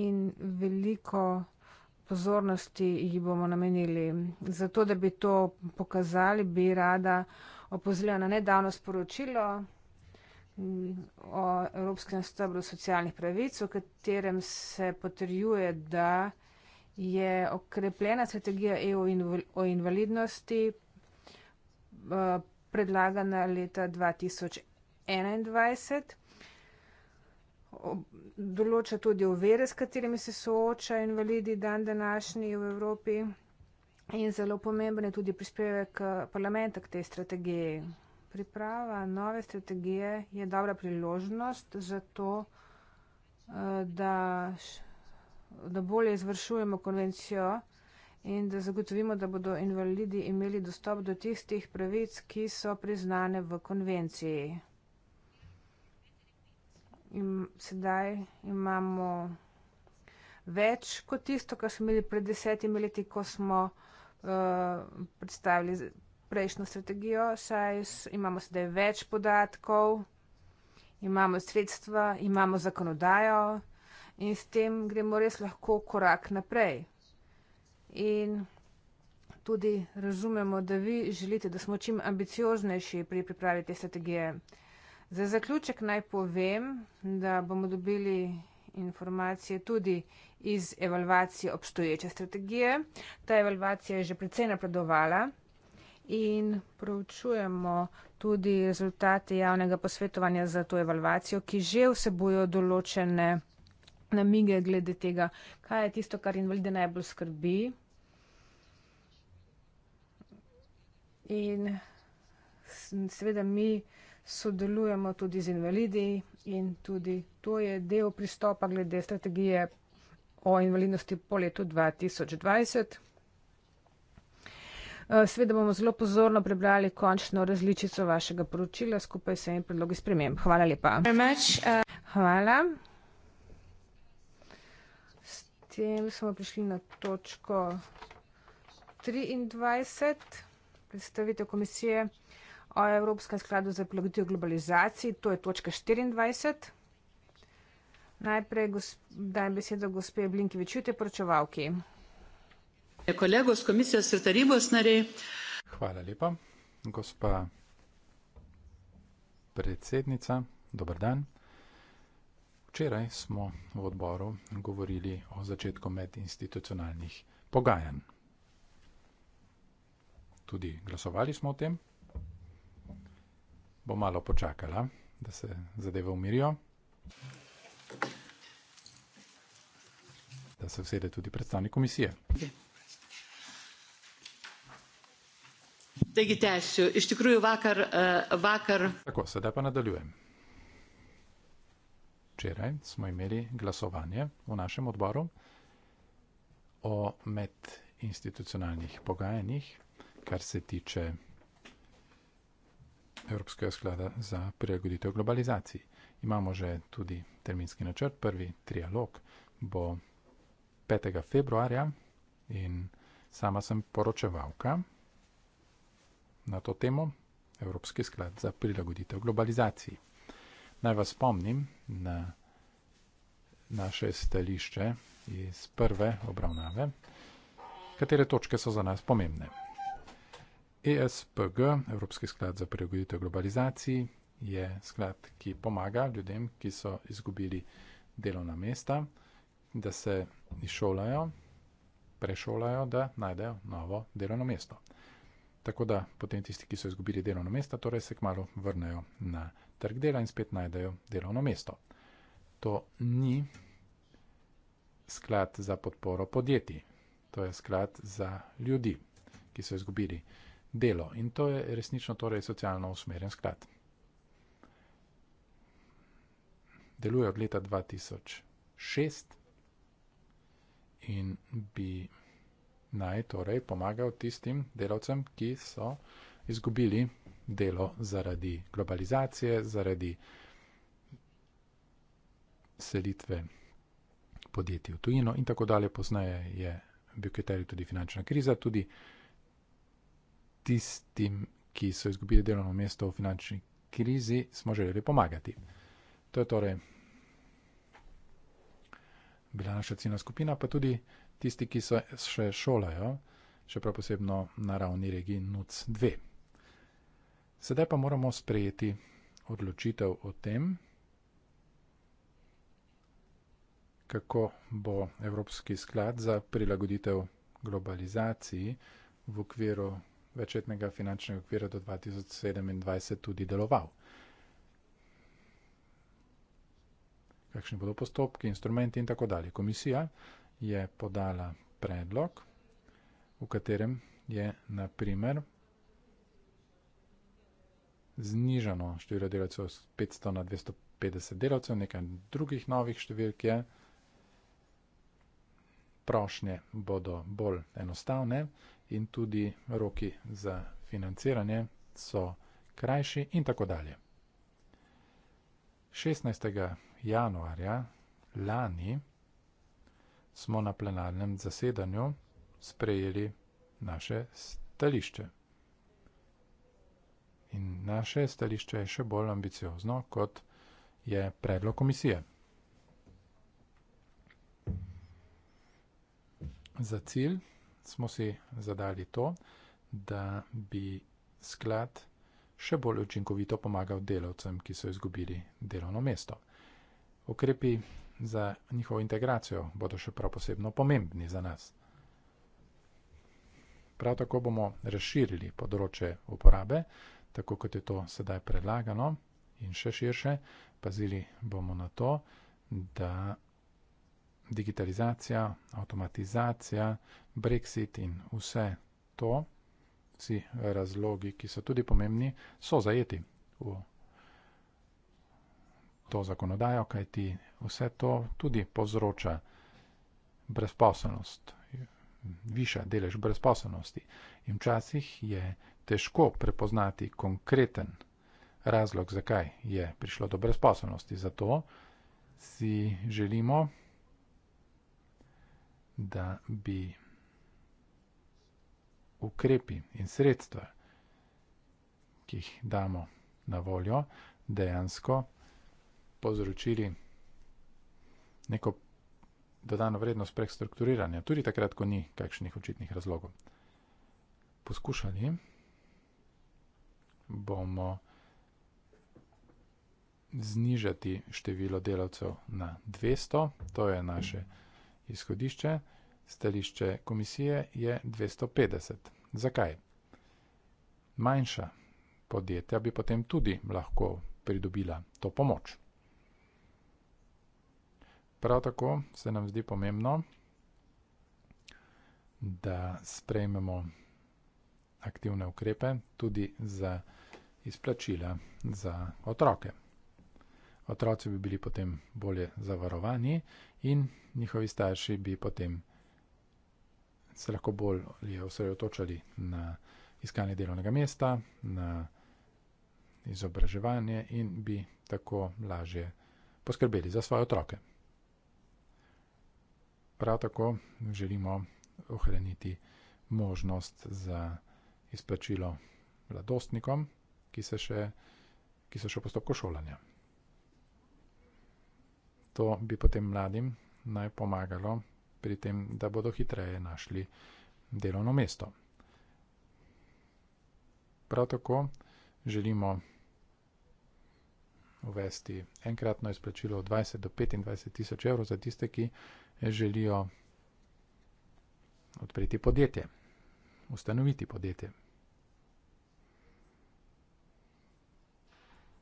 in veliko pozornosti ji bomo namenili. Zato, da bi to pokazali, bi rada opozorila na nedavno sporočilo o Evropskem stebru socialnih pravic, v katerem se potrjuje, da je okrepljena strategija EU o invalidnosti eh, predlagana leta 2021. Določa tudi uvere, s katerimi se sooča invalidi dan današnji v Evropi in zelo pomemben je tudi prispevek eh, parlamenta k tej strategiji priprava nove strategije je dobra priložnost za to, eh, da, da bolje izvršujemo konvencijo in da zagotovimo, da bodo invalidi imeli dostop do tistih pravic, ki so priznane v konvenciji. In sedaj imamo več kot tisto, kar smo imeli pred desetimi leti, ko smo uh, predstavili prejšnjo strategijo, saj imamo sedaj več podatkov, imamo sredstva, imamo zakonodajo in s tem gremo res lahko korak naprej. In tudi razumemo, da vi želite, da smo čim ambicioznejši pri pripravi te strategije. Za zaključek naj povem, da bomo dobili informacije tudi iz evalvacije obstoječe strategije. Ta evalvacija je že precej napredovala in proučujemo tudi rezultate javnega posvetovanja za to evalvacijo, ki že vsebujo določene namige glede tega, kaj je tisto, kar invalide najbolj skrbi. In seveda mi sodelujemo tudi z invalidi in tudi to je del pristopa glede strategije o invalidnosti po letu 2020. Eh, Sveda bomo zelo pozorno prebrali končno različico vašega poročila skupaj s enim predlogi sprememb. Hvala lepa. Eh. Hvala. S tem smo prišli na točko 23, predstavitev komisije o Evropskem skladu za prilagoditev globalizaciji, to je točka 24. Najprej dajem besedo gospe Blinkevičute, poročevalki kolegos, komisijos ir tarybos nariai. Hvala lepa, gospa predsednica, dobar dan. Včeraj smo v odboru govorili o začetku medinstitucionalnih pogajanj. Tudi glasovali smo o tem. Bo malo počakala, da se zadeve umirijo. Da se vsede tudi predstavnik komisije. Okay. Taigi tęsiu. Iš tikrųjų vakar. E, vakar... Tako, sedaj pa nadaljujem. Včeraj smo imeli glasovanje v našem odboru o medinstitucionalnih pogajanjih, kar se tiče Evropskega sklada za prilagoditev globalizaciji. Imamo že tudi terminski načrt, prvi trialog bo 5. februarja in sama sem poročevalka na to temo Evropski sklad za prilagoditev globalizaciji. Naj vas spomnim na naše stališče iz prve obravnave, katere točke so za nas pomembne. ESPG, Evropski sklad za prilagoditev globalizaciji, je sklad, ki pomaga ljudem, ki so izgubili delovna mesta, da se izšolajo, prešolajo, da najdejo novo delovno mesto tako da potem tisti, ki so izgubili delovno mesto, torej se kmalo vrnejo na trg dela in spet najdejo delovno mesto. To ni sklad za podporo podjetij, to je sklad za ljudi, ki so izgubili delo in to je resnično torej socialno usmeren sklad. Deluje od leta 2006 in bi naj torej pomagajo tistim delavcem, ki so izgubili delo zaradi globalizacije, zaradi selitve podjetij v tujino in tako dalje. Poznaje je bil kriterij tudi finančna kriza, tudi tistim, ki so izgubili delovno mesto v finančni krizi, smo želeli pomagati. To je torej bila naša ciljna skupina, pa tudi tisti, ki so še šolajo, še prav posebno na ravni regij NUC 2. Sedaj pa moramo sprejeti odločitev o tem, kako bo Evropski sklad za prilagoditev globalizaciji v okviru večetnega finančnega okvira do 2027 tudi deloval. Kakšni bodo postopki, instrumenti in tako dalje. Komisija je podala predlog, v katerem je na primer znižano število delavcev z 500 na 250 delavcev, nekaj drugih novih številk je, prošnje bodo bolj enostavne in tudi roki za financiranje so krajši in tako dalje. 16. januarja lani smo na plenarnem zasedanju sprejeli naše stališče. In naše stališče je še bolj ambiciozno, kot je predlog komisije. Za cilj smo si zadali to, da bi sklad še bolj učinkovito pomagal delavcem, ki so izgubili delovno mesto. Okrepi za njihovo integracijo bodo še prav posebno pomembni za nas. Prav tako bomo razširili področje uporabe, tako kot je to sedaj predlagano in še širše. Pazili bomo na to, da digitalizacija, avtomatizacija, brexit in vse to, vsi razlogi, ki so tudi pomembni, so zajeti v to zakonodajo, kajti vse to tudi povzroča brezposelnost, viša delež brezposelnosti. In včasih je težko prepoznati konkreten razlog, zakaj je prišlo do brezposelnosti. Zato si želimo, da bi ukrepi in sredstva, ki jih damo na voljo, dejansko povzročili neko dodano vrednost prek strukturiranja, tudi takrat, ko ni kakšnih očitnih razlogov. Poskušali bomo znižati število delavcev na 200, to je naše izhodišče, stališče komisije je 250. Zakaj? Manjša podjetja bi potem tudi lahko pridobila to pomoč. Prav tako se nam zdi pomembno, da sprejmemo aktivne ukrepe tudi za izplačila za otroke. Otroci bi bili potem bolje zavarovani in njihovi starši bi potem se lahko bolje osredotočali na iskanje delovnega mesta, na izobraževanje in bi tako lažje poskrbeli za svoje otroke. Prav tako želimo ohraniti možnost za izplačilo mladostnikom, ki, ki so še v postopku šolanja. To bi potem mladim naj pomagalo pri tem, da bodo hitreje našli delovno mesto. Prav tako želimo uvesti enkratno izplačilo od 20 do 25 tisoč evrov za tiste, ki želijo odpreti podjetje, ustanoviti podjetje.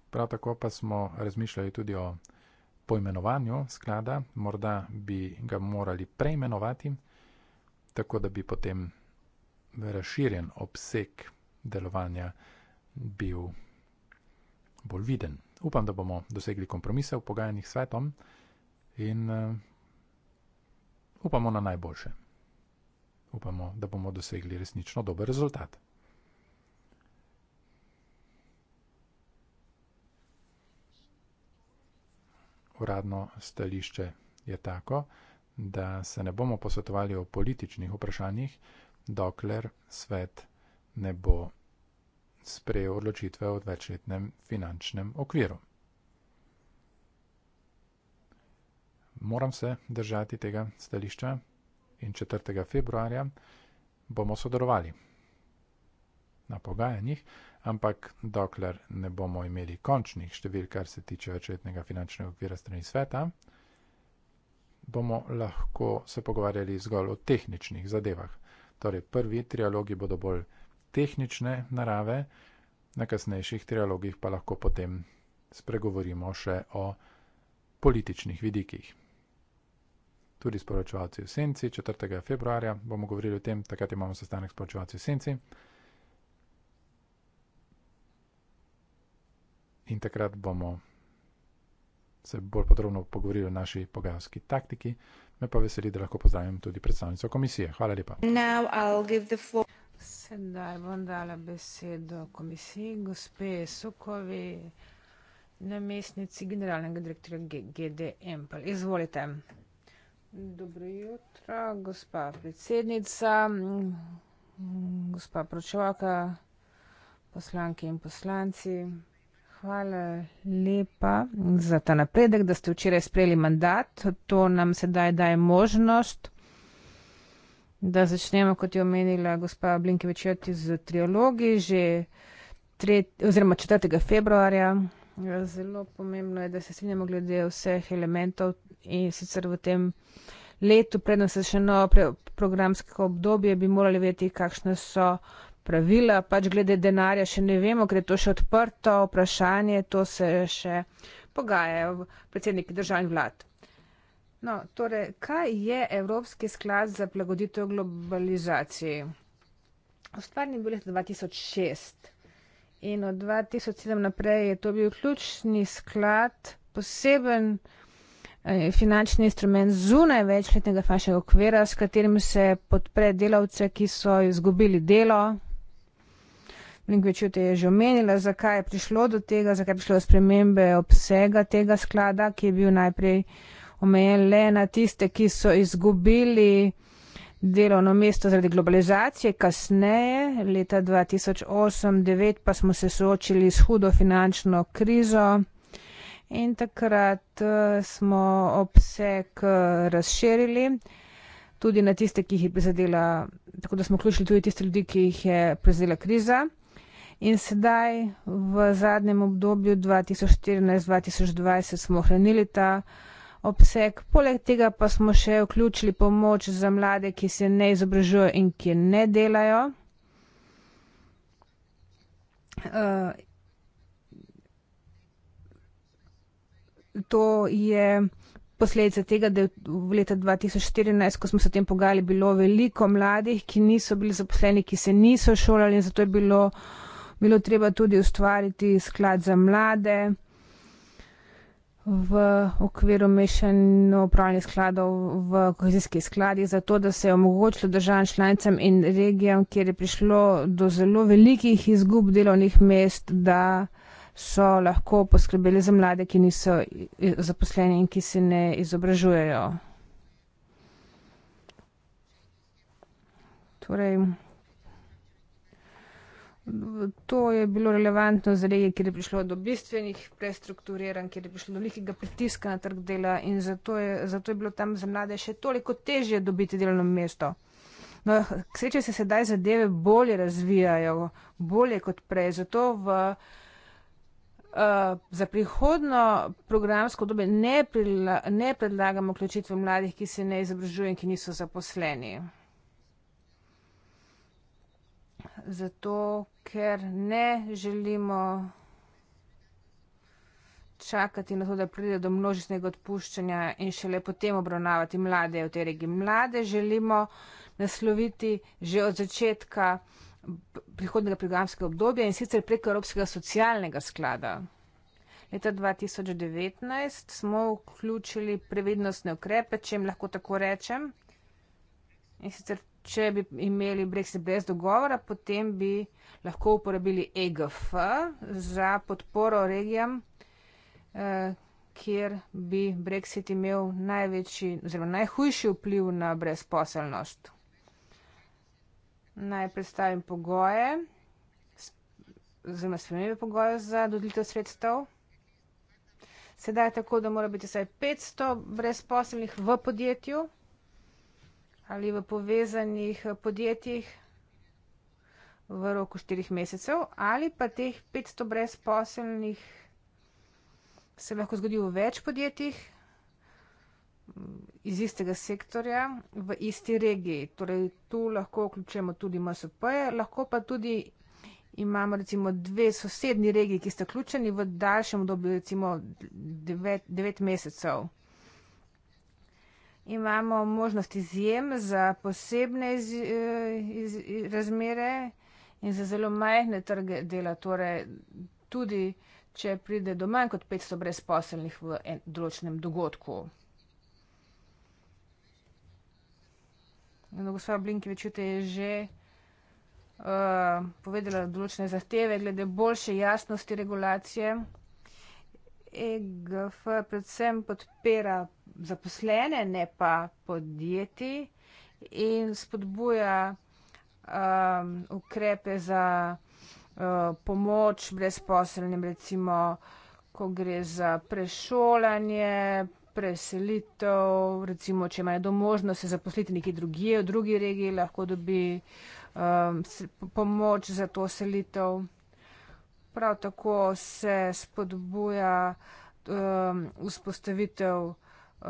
Prav tako pa smo razmišljali tudi o poimenovanju sklada, morda bi ga morali preimenovati, tako da bi potem razširjen obseg delovanja bil bolj viden. Upam, da bomo dosegli kompromise v pogajanjih svetom in eh, upamo na najboljše. Upamo, da bomo dosegli resnično dober rezultat. Uradno stališče je tako, da se ne bomo posvetovali o političnih vprašanjih, dokler svet ne bo sprejel odločitve o večletnem finančnem okviru. moram se držati tega stališča in 4. februarja bomo sodelovali na pogajanjih, ampak dokler ne bomo imeli končnih števil, kar se tiče večletnega finančnega okvira strani sveta, bomo lahko se pogovarjali zgolj o tehničnih zadevah. Torej, prvi trialogi bodo bolj tehnične narave, na kasnejših trialogih pa lahko potem spregovorimo še o političnih vidikih tudi s poročevalci v Senci 4. februarja. Bomo govorili o tem, takrat imamo sestanek s poročevalci v Senci. In takrat bomo se bolj podrobno pogovorili o naši pogajalski taktiki. Me pa veseli, da lahko pozdravim tudi predstavnico komisije. Hvala lepa. Sedaj bom dala besedo komisiji gospe Sukovi, namestnici generalnega direktorja GDM. Izvolite. Dobro jutro, gospa predsednica, gospa pročevalka, poslanke in poslanci. Hvala lepa za ta napredek, da ste včeraj sprejeli mandat. To nam sedaj daje možnost, da začnemo, kot je omenila gospa Blinkevičeti z triologi, že oziroma 4. februarja. Zelo pomembno je, da se strinjamo glede vseh elementov in sicer v tem letu, predem se še eno pre, programsko obdobje, bi morali vedeti, kakšne so pravila, pač glede denarja še ne vemo, ker je to še odprto vprašanje, to se še pogajajo predsedniki državnih vlad. No, torej, kaj je Evropski sklad za plagoditev globalizaciji? Ustvarjen je bil leta 2006 in od 2007 naprej je to bil ključni sklad, poseben Eh, finančni instrument zunaj večletnega fašega okvira, s katerim se podpre delavce, ki so izgubili delo. Linkvečju te je že omenila, zakaj je prišlo do tega, zakaj je prišlo do spremembe obsega tega sklada, ki je bil najprej omejen le na tiste, ki so izgubili delovno mesto zaradi globalizacije, kasneje, leta 2008-2009 pa smo se soočili s hudo finančno krizo in takrat eh, smo obseg eh, razširili tudi na tiste, ki jih je prizadela, tako da smo vključili tudi tiste ljudi, ki jih je prizadela kriza. In sedaj v zadnjem obdobju 2014-2020 smo ohranili ta obseg. Poleg tega pa smo še vključili pomoč za mlade, ki se ne izobražujejo in ki ne delajo. Eh, to je posledica tega, da je v leta 2014, ko smo se o tem pogajali, bilo veliko mladih, ki niso bili zaposleni, ki se niso šolali in zato je bilo, bilo treba tudi ustvariti sklad za mlade v okviru mešanja upravljanja skladov v kohezijskih skladih, zato da se je omogočilo državam članicam in regijam, kjer je prišlo do zelo velikih izgub delovnih mest, da uh, so lahko poskrbeli za mlade, ki niso zaposleni in ki se ne izobražujejo. Torej, to je bilo relevantno za regije, kjer je prišlo do bistvenih prestrukturiranj, kjer je prišlo do velikega pritiska na trg dela in zato je, zato je bilo tam za mlade še toliko težje dobiti delovno mesto. No, k sreče se sedaj zadeve bolje razvijajo, bolje kot prej. Zato v Uh, za prihodno programsko dobe ne, prila, ne predlagamo vključitve mladih, ki se ne izobražujejo in ki niso zaposleni. Zato, ker ne želimo čakati na to, da pride do množičnega odpuščanja in šele potem obravnavati mlade v tej regiji. Mlade želimo nasloviti že od začetka prihodnega programskega obdobja in sicer preko Evropskega socialnega sklada. Leta 2019 smo vključili previdnostne ukrepe, če jim lahko tako rečem. In sicer, če bi imeli Brexit brez dogovora, potem bi lahko uporabili EGF za podporo regijam, eh, kjer bi Brexit imel največji oziroma najhujši vpliv na brezposelnost naj predstavim pogoje, oziroma spremembe pogoje za dodelitev sredstev. Sedaj je tako, da mora biti vsaj 500 brezposelnih v podjetju ali v povezanih eh, podjetjih v roku 4 mesecev ali pa teh 500 brezposelnih se lahko zgodi v več podjetjih, iz istega sektorja v isti regiji. Torej, tu lahko vključujemo tudi MSP, lahko pa tudi imamo recimo dve sosednji regiji, ki sta vključeni v daljšem obdobju, recimo devet, devet mesecev. Imamo možnost izjem za posebne iz, iz, iz, razmere in za zelo majhne trge dela. Torej, tudi če pride do manj kot 500 brezposelnih v določenem dogodku. In gospa Blinkevič je že uh, povedala določene zahteve glede boljše jasnosti regulacije. EGF predvsem podpira zaposlene, ne pa podjetij in spodbuja um, ukrepe za uh, pomoč brezposelnim, recimo uh, ko gre za prešolanje, preselitev, recimo, če imajo do možnost se zaposliti nekje drugje, v drugi regiji lahko dobi um, pomoč za to selitev. Prav tako se spodbuja um, vzpostavitev uh,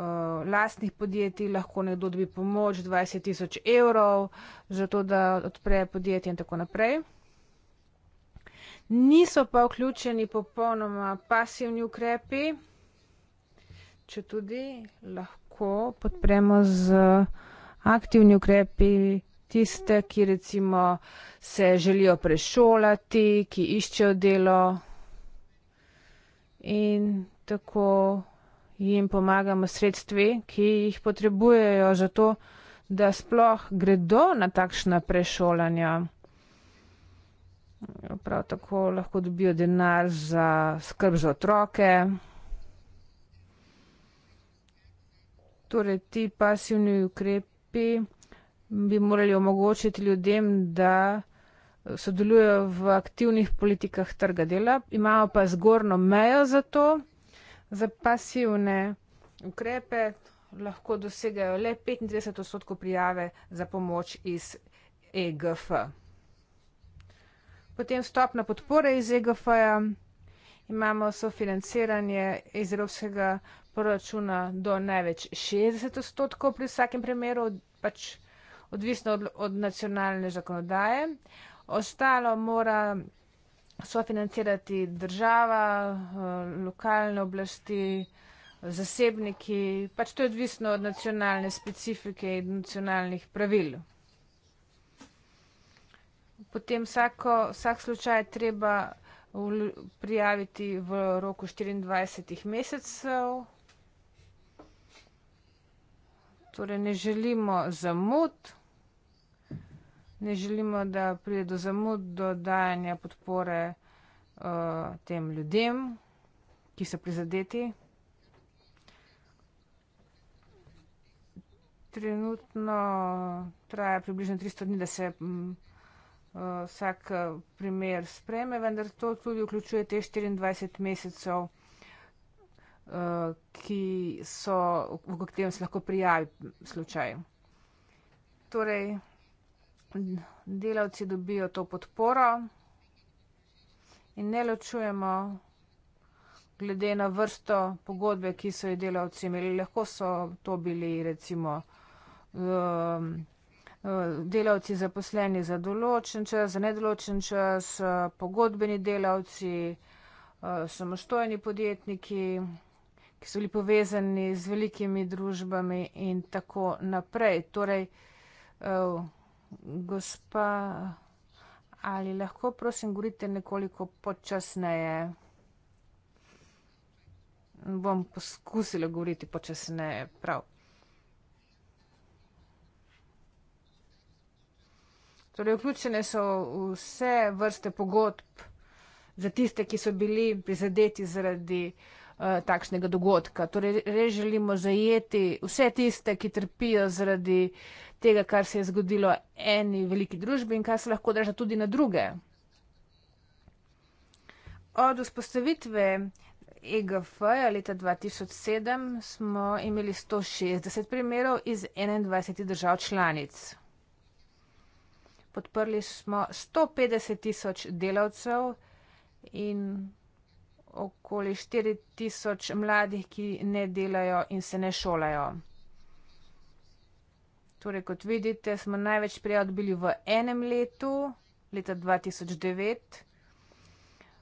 lastnih podjetij, lahko nekdo dobi pomoč 20 tisoč evrov za to, da odpre podjetje in tako naprej niso pa vključeni popolnoma pasivni ukrepi, če tudi lahko podpremo z aktivni ukrepi tiste, ki recimo se želijo prešolati, ki iščejo delo in tako jim pomagamo sredstvi, ki jih potrebujejo za to, da sploh gredo na takšna prešolanja. Ja, prav tako lahko dobijo denar za skrb za otroke. Torej, ti pasivni ukrepi bi morali omogočiti ljudem, da sodelujejo v aktivnih politikah trga dela. Imamo pa zgornjo mejo za to. Za pasivne ukrepe lahko dosegajo le 35 odstotkov prijave za pomoč iz EGF potem stopna podpora iz EGF-ja, imamo sofinanciranje iz evropskega proračuna do največ 60 odstotkov pri vsakem primeru, pač odvisno od, od nacionalne zakonodaje. Ostalo mora sofinancirati država, eh, lokalne oblasti, zasebniki, pač to je odvisno od nacionalne specifike in nacionalnih pravil potem vsako, vsak slučaj treba v, prijaviti v roku 24 mesecev. Torej ne želimo zamud, ne želimo, da pride do zamud, do dajanja podpore uh, tem ljudem, ki so prizadeti. Trenutno traja približno 300 dni, da se. Um, uh, vsak eh, primer spreme, vendar to tudi vključuje te 24 mesecev, uh, ki so, v katerem se lahko prijavi slučaj. Torej, delavci dobijo to podporo in ne ločujemo glede na vrsto pogodbe, ki so jo delavci imeli. Lahko so to bili recimo. Um, delavci zaposleni za določen čas, za nedoločen čas, eh, pogodbeni delavci, eh, samostojni podjetniki, ki so bili povezani z velikimi družbami in tako naprej. Torej, eh, gospa, ali lahko prosim govorite nekoliko počasneje? Bom poskusila govoriti počasneje, prav. Torej, vključene so vse vrste pogodb za tiste, ki so bili prizadeti zaradi uh, takšnega dogodka. Torej, res želimo zajeti vse tiste, ki trpijo zaradi tega, kar se je zgodilo eni veliki družbi in kar se lahko drža tudi na druge. Od vzpostavitve EGF -ja leta 2007 smo imeli 160 primerov iz 21 držav članic podprli smo 150 tisoč delavcev in okoli 4 tisoč mladih, ki ne delajo in se ne šolajo. Torej, kot vidite, smo največ prijav dobili v enem letu, leta 2009,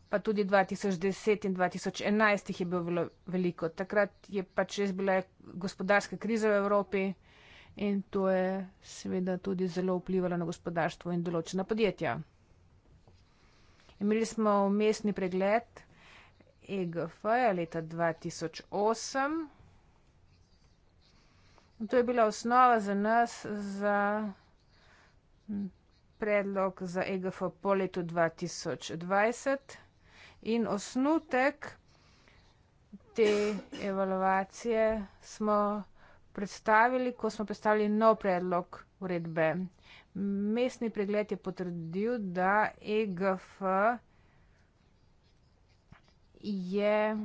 pa tudi 2010 in 2011 jih je bilo veliko. Takrat je pač res bila gospodarska kriza v Evropi in to je seveda tudi zelo vplivalo na gospodarstvo in določena podjetja. Imeli smo mestni pregled EGF -ja leta 2008. To je bila osnova za nas za predlog za EGF po letu 2020 in osnutek te evalvacije smo predstavili, ko smo predstavili nov predlog uredbe. Mestni pregled je potrdil, da EGF je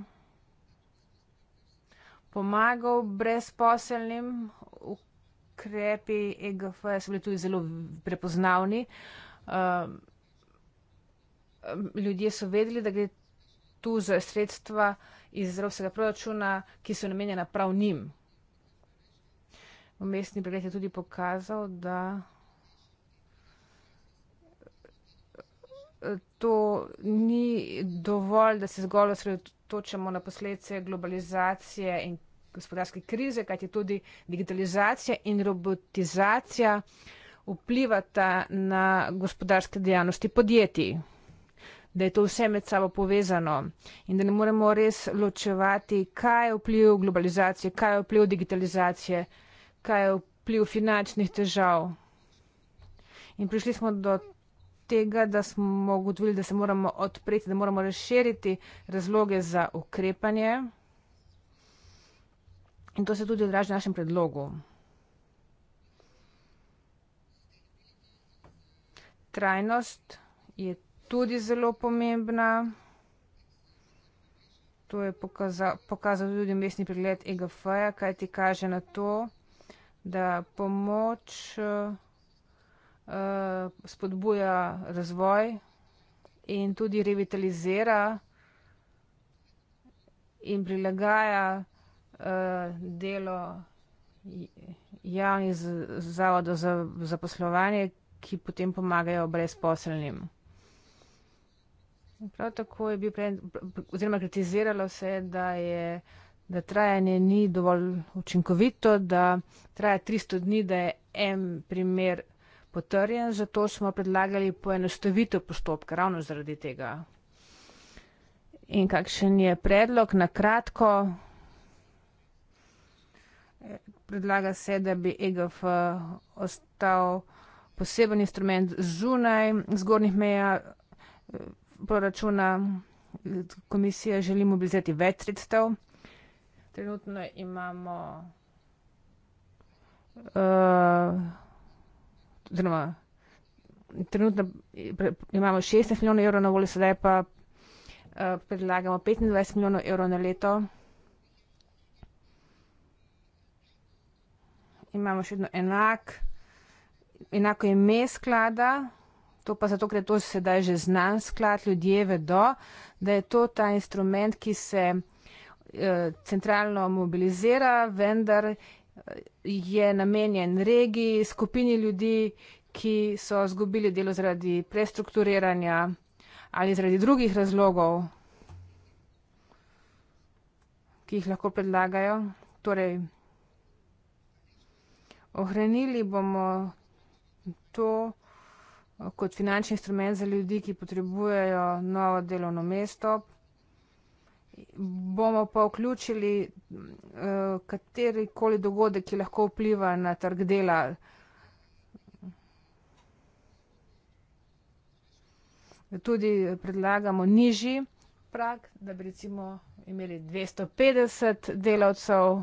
pomagal brezposelnim, ukrepi EGF so bili tudi zelo prepoznavni. Um, ljudje so vedeli, da gre tu za sredstva iz zdravstvenega proračuna, ki so namenjena prav njim umestni pregled je tudi pokazal, da e, to ni dovolj, da se zgolj osredotočamo na posledice globalizacije in gospodarske krize, kajti tudi digitalizacija in robotizacija vplivata na gospodarske dejavnosti podjetij, da je to vse med sabo povezano in da ne moremo res ločevati, kaj je vpliv globalizacije, kaj je vpliv digitalizacije kaj je vpliv finančnih težav. In prišli smo do tega, da smo ugotovili, da se moramo odpreti, da moramo razširiti razloge za ukrepanje. In to se tudi odraža v našem predlogu. Trajnost je tudi zelo pomembna. To je pokazal, pokazal tudi mestni pregled EGF-ja, kaj ti kaže na to da pomoč uh, spodbuja razvoj in tudi revitalizira in prilagaja uh, delo javnih zavodov za zaposlovanje, ki potem pomagajo brezposelnim. Prav tako je bil prej, oziroma kritiziralo se, da je uh, da trajanje ni dovolj učinkovito, da traja 300 dni, da je en primer potrjen, zato smo predlagali poenostavitev postopka ravno zaradi tega. In kakšen je predlog na kratko? Predlaga se, da bi EGF ostal poseben instrument zunaj zgornjih meja eh, proračuna. Komisija želi mobilizirati več sredstev. Trenutno imamo. Uh, trenutno, trenutno imamo 16 milijonov evrov na voljo, sedaj pa uh, predlagamo 25 milijonov evrov na leto. Imamo še vedno enak, enako ime sklada, to pa zato, ker je to sedaj že znan sklad, ljudje vedo, da je to ta instrument, ki se Eh, centralno mobilizira, vendar eh, je namenjen regiji, skupini ljudi, ki so zgubili delo zaradi prestrukturiranja ali zaradi drugih razlogov, ki jih lahko predlagajo. Torej, ohranili bomo to eh, kot finančni instrument za ljudi, ki potrebujejo novo delovno mesto, bomo pa vključili uh, eh, kateri koli dogodek, ki lahko vpliva na trg dela. Tudi predlagamo nižji prak, da bi recimo imeli 250 delavcev.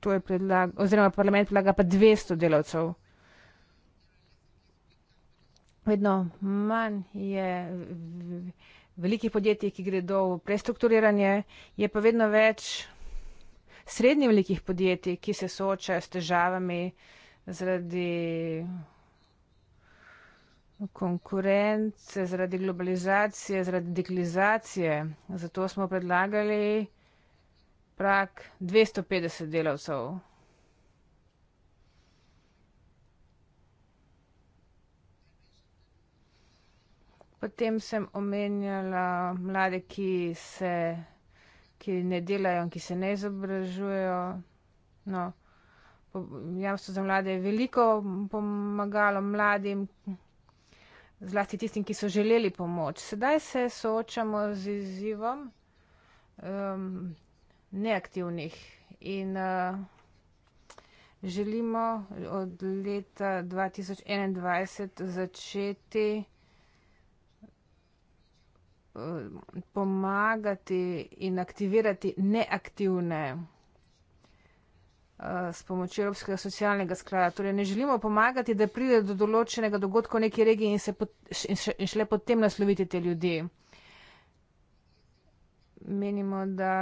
To je predlag, oziroma parlament predlaga pa 200 delavcev. Vedno manj je. V, v, velikih podjetij, ki gredo v prestrukturiranje, je pa vedno več srednje velikih podjetij, ki se soočajo s težavami zaradi konkurence, zaradi globalizacije, zaradi deklizacije. Zato smo predlagali prak 250 delavcev. Potem sem omenjala mlade, ki, se, ki ne delajo in ki se ne izobražujejo. No, jamstvo za mlade je veliko pomagalo mladim, zlasti tistim, ki so želeli pomoč. Sedaj se soočamo z izzivom um, neaktivnih in uh, želimo od leta 2021 začeti. Eh, pomagati in aktivirati neaktivne eh, s pomočjo Evropskega socialnega sklada. Torej, ne želimo pomagati, da pride do določenega dogodka v neki regiji in, se pot, in, še, in šele potem nasloviti te ljudi. Menimo, da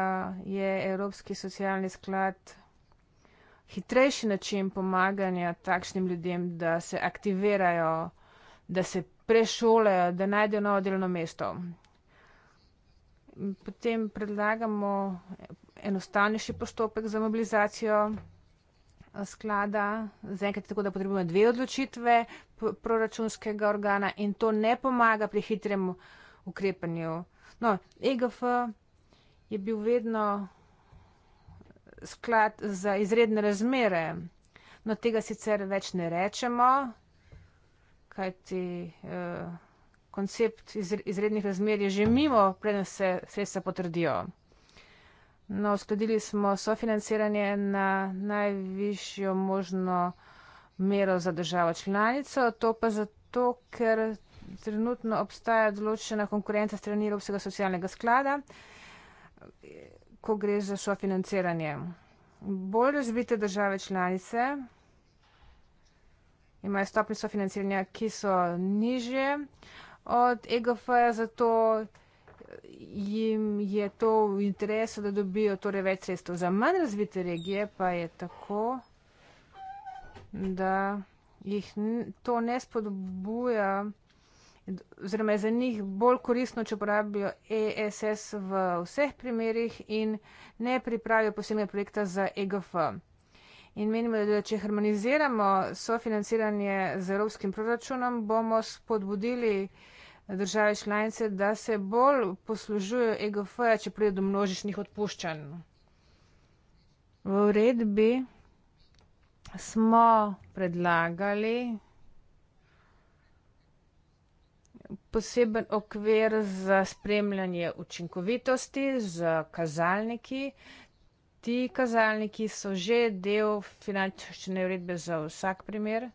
je Evropski socialni sklad hitrejši način pomaganja takšnim ljudem, da se aktivirajo, da se prešolejo, da najdejo novo delovno mesto potem predlagamo enostavnejši postopek za mobilizacijo eh, sklada. Zaenkrat je tako, da potrebujemo dve odločitve proračunskega organa in to ne pomaga pri hitrem ukrepanju. No, EGF je bil vedno sklad za izredne razmere, no tega sicer več ne rečemo, kajti. Uh, koncept izrednih razmer je že mimo, preden se sredstva potrdijo. No, uskladili smo sofinanciranje na najvišjo možno mero za državo članico, to pa zato, ker trenutno obstaja določena konkurenca strani Evropskega socialnega sklada, ko gre za sofinanciranje. Bolj razvite države članice imajo stopnje sofinanciranja, ki so nižje, od EGF-ja, zato jim je to v interesu, da dobijo torej več sredstev. Za manj razvite regije pa je tako, da jih to ne spodbuja, oziroma je za njih bolj korisno, če uporabijo ESS v vseh primerjih in ne pripravijo posebnega projekta za EGF. In menimo, da če harmoniziramo sofinanciranje z evropskim proračunom, bomo spodbudili države članice, da se bolj poslužujejo EGF-ja, če pride do množičnih odpuščanj. V uredbi smo predlagali poseben okvir za spremljanje učinkovitosti z kazalniki. Ti kazalniki so že del finančne uredbe za vsak primer.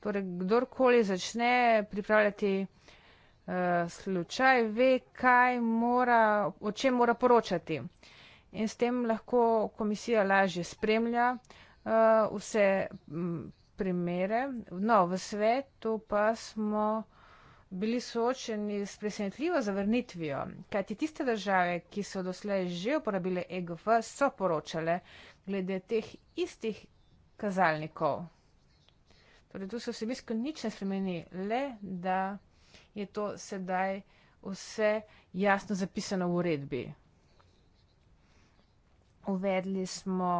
Torej, kdorkoli začne pripravljati Eh, slučaj, ve, kaj mora, o čem mora poročati. In s tem lahko komisija lažje spremlja uh, vse primere. No, v svetu pa smo bili soočeni s presenetljivo zavrnitvijo, kajti tiste države, ki so doslej že uporabile EGF, so poročale glede teh istih kazalnikov. Torej, tu se vsebinsko nič ne spremeni, le da je to sedaj vse jasno zapisano v uredbi. Uvedli smo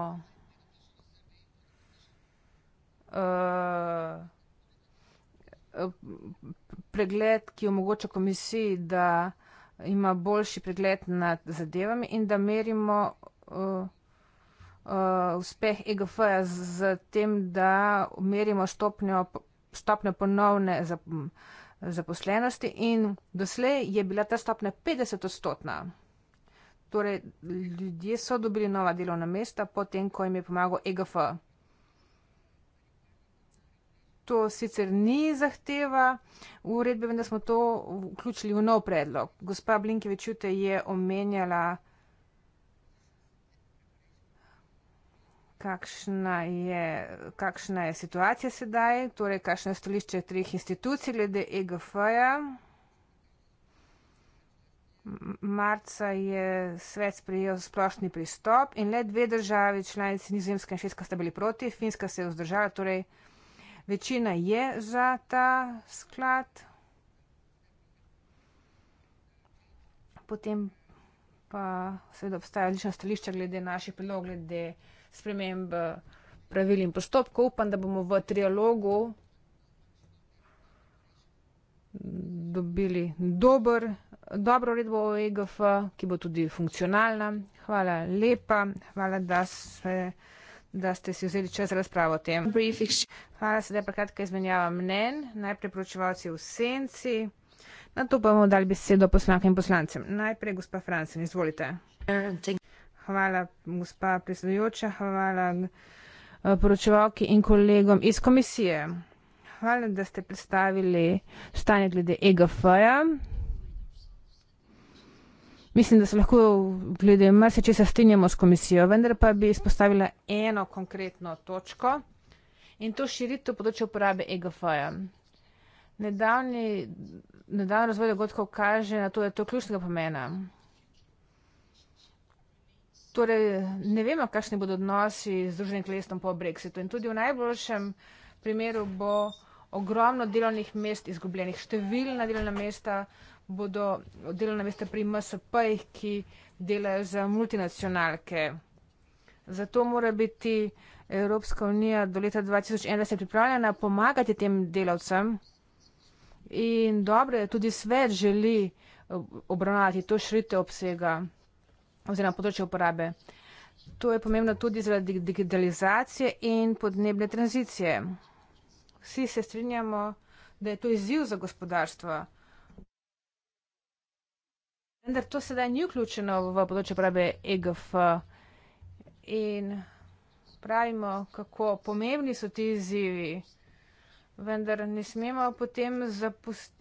eh, pregled, ki omogoča komisiji, da ima boljši pregled nad zadevami in da merimo eh, eh, uspeh EGF-ja z tem, da merimo stopnjo ponovne zaposlitve zaposlenosti in doslej je bila ta stopnja 50 odstotna. Torej, ljudje so dobili nova delovna mesta, potem ko jim je pomagal EGF. To sicer ni zahteva uredbe, vendar smo to vključili v nov predlog. Gospa Blinkevičute je omenjala kakšna je, kakšna je situacija sedaj, torej kakšno je stališče treh institucij glede EGF-ja. Marca je svet sprejel splošni pristop in le dve državi, članici Nizozemska in Švedska, sta bili proti, Finska se je vzdržala, torej večina je za ta sklad. Potem pa seveda obstaja odlična stališča glede naših prilog, glede sprememb eh, pravil in postopkov. Upam, da bomo v trialogu mm, dobili dober, dobro uredbo o EGF, ki bo tudi funkcionalna. Hvala lepa, hvala, da, se, da ste si vzeli čas za razpravo o tem. Hvala, sedaj pa kratka izmenjava mnen, najprej pročevalci v senci. Na to pa bomo dali besedo poslankam in poslancem. Najprej gospa Francen, izvolite. Uh, hvala, gospa predsedujoča, hvala eh, poročevalki in kolegom iz komisije. Hvala, da ste predstavili stanje glede EGF-ja. Mislim, da se lahko glede marsičesa strinjamo s komisijo, vendar pa bi izpostavila eno konkretno točko in to širitev področja uporabe EGF-ja. Nedavni, nedavni razvoj dogodkov kaže na to, da je to ključnega pomena. Torej, ne vemo, kakšni bodo odnosi z Združenim kraljestvom po brexitu in tudi v najboljšem primeru bo ogromno delovnih mest izgubljenih. Številna delovna mesta bodo delovna mesta pri MSP-jih, ki delajo za multinacionalke. Zato mora biti Evropska unija do leta 2021 pripravljena pomagati tem delavcem in dobro je, tudi svet želi obravnavati to širitev obsega oziroma področje uporabe. To je pomembno tudi zaradi digitalizacije in podnebne tranzicije. Vsi se strinjamo, da je to izziv za gospodarstvo. Vendar to sedaj ni vključeno v področje uporabe EGF in pravimo, kako pomembni so ti izzivi. Vendar ne smemo potem, zapust,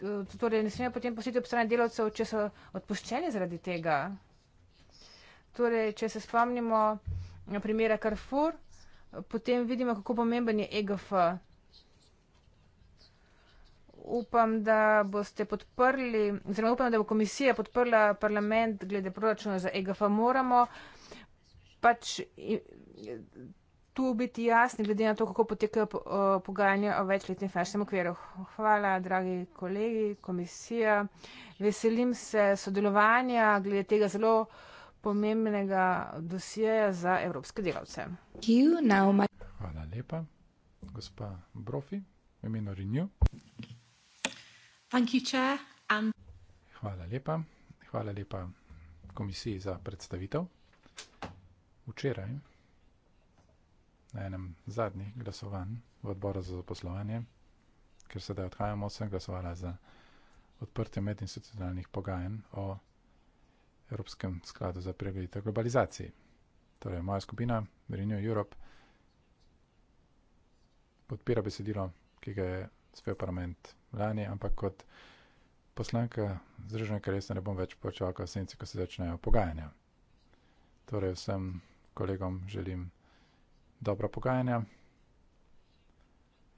torej ne smemo potem pustiti ob strani delavcev, če so odpuščeni zaradi tega. Torej, če se spomnimo na eh, primere Carrefour, potem vidimo, kako pomemben je EGF. Upam, da boste podprli, zelo upam, da bo komisija podprla parlament glede proračuna za EGF. Moramo pač tu biti jasni, glede na to, kako potekajo eh, pogajanja o večletnem finančnem okviru. Hvala, dragi kolegi, komisija. Veselim se sodelovanja glede tega zelo pomembnega dosjeja za evropske delavce. Hvala lepa, gospa Brofi, imeno Renew. Hvala lepa, hvala lepa komisiji za predstavitev. Včeraj na enem zadnjih glasovanj v odboru za zaposlovanje, ker sedaj odhajamo, sem glasovala za odprtje medinstitucionalnih pogajanj o Evropskem skladu za prebivitev globalizaciji. Torej, moja skupina, Renew Europe, podpira besedilo, ki ga je svoj parlament lani, ampak kot poslanka Združenega kraljestva ne bom več počela kot senci, ko se začnejo pogajanja. Torej, vsem kolegom želim dobra pogajanja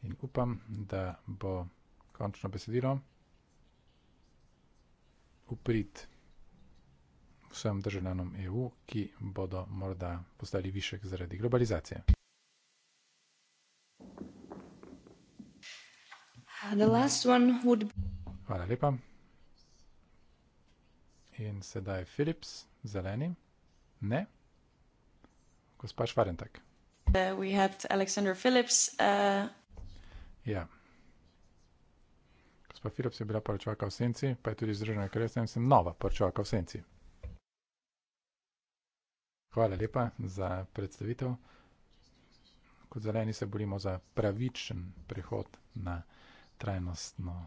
in upam, da bo končno besedilo uprit vsem državljanom EU, ki bodo morda postali višek zaradi globalizacije. Hvala lepa. In sedaj Philips, zeleni. Ne. Gospa Švarentek. Uh, Philips, uh... Ja. Gospa Philips je bila poročevalka v senci, pa je tudi združena kraljestva in sem nova poročevalka v senci. Hvala lepa za predstavitev. Kot zeleni se borimo za pravičen prehod na trajnostno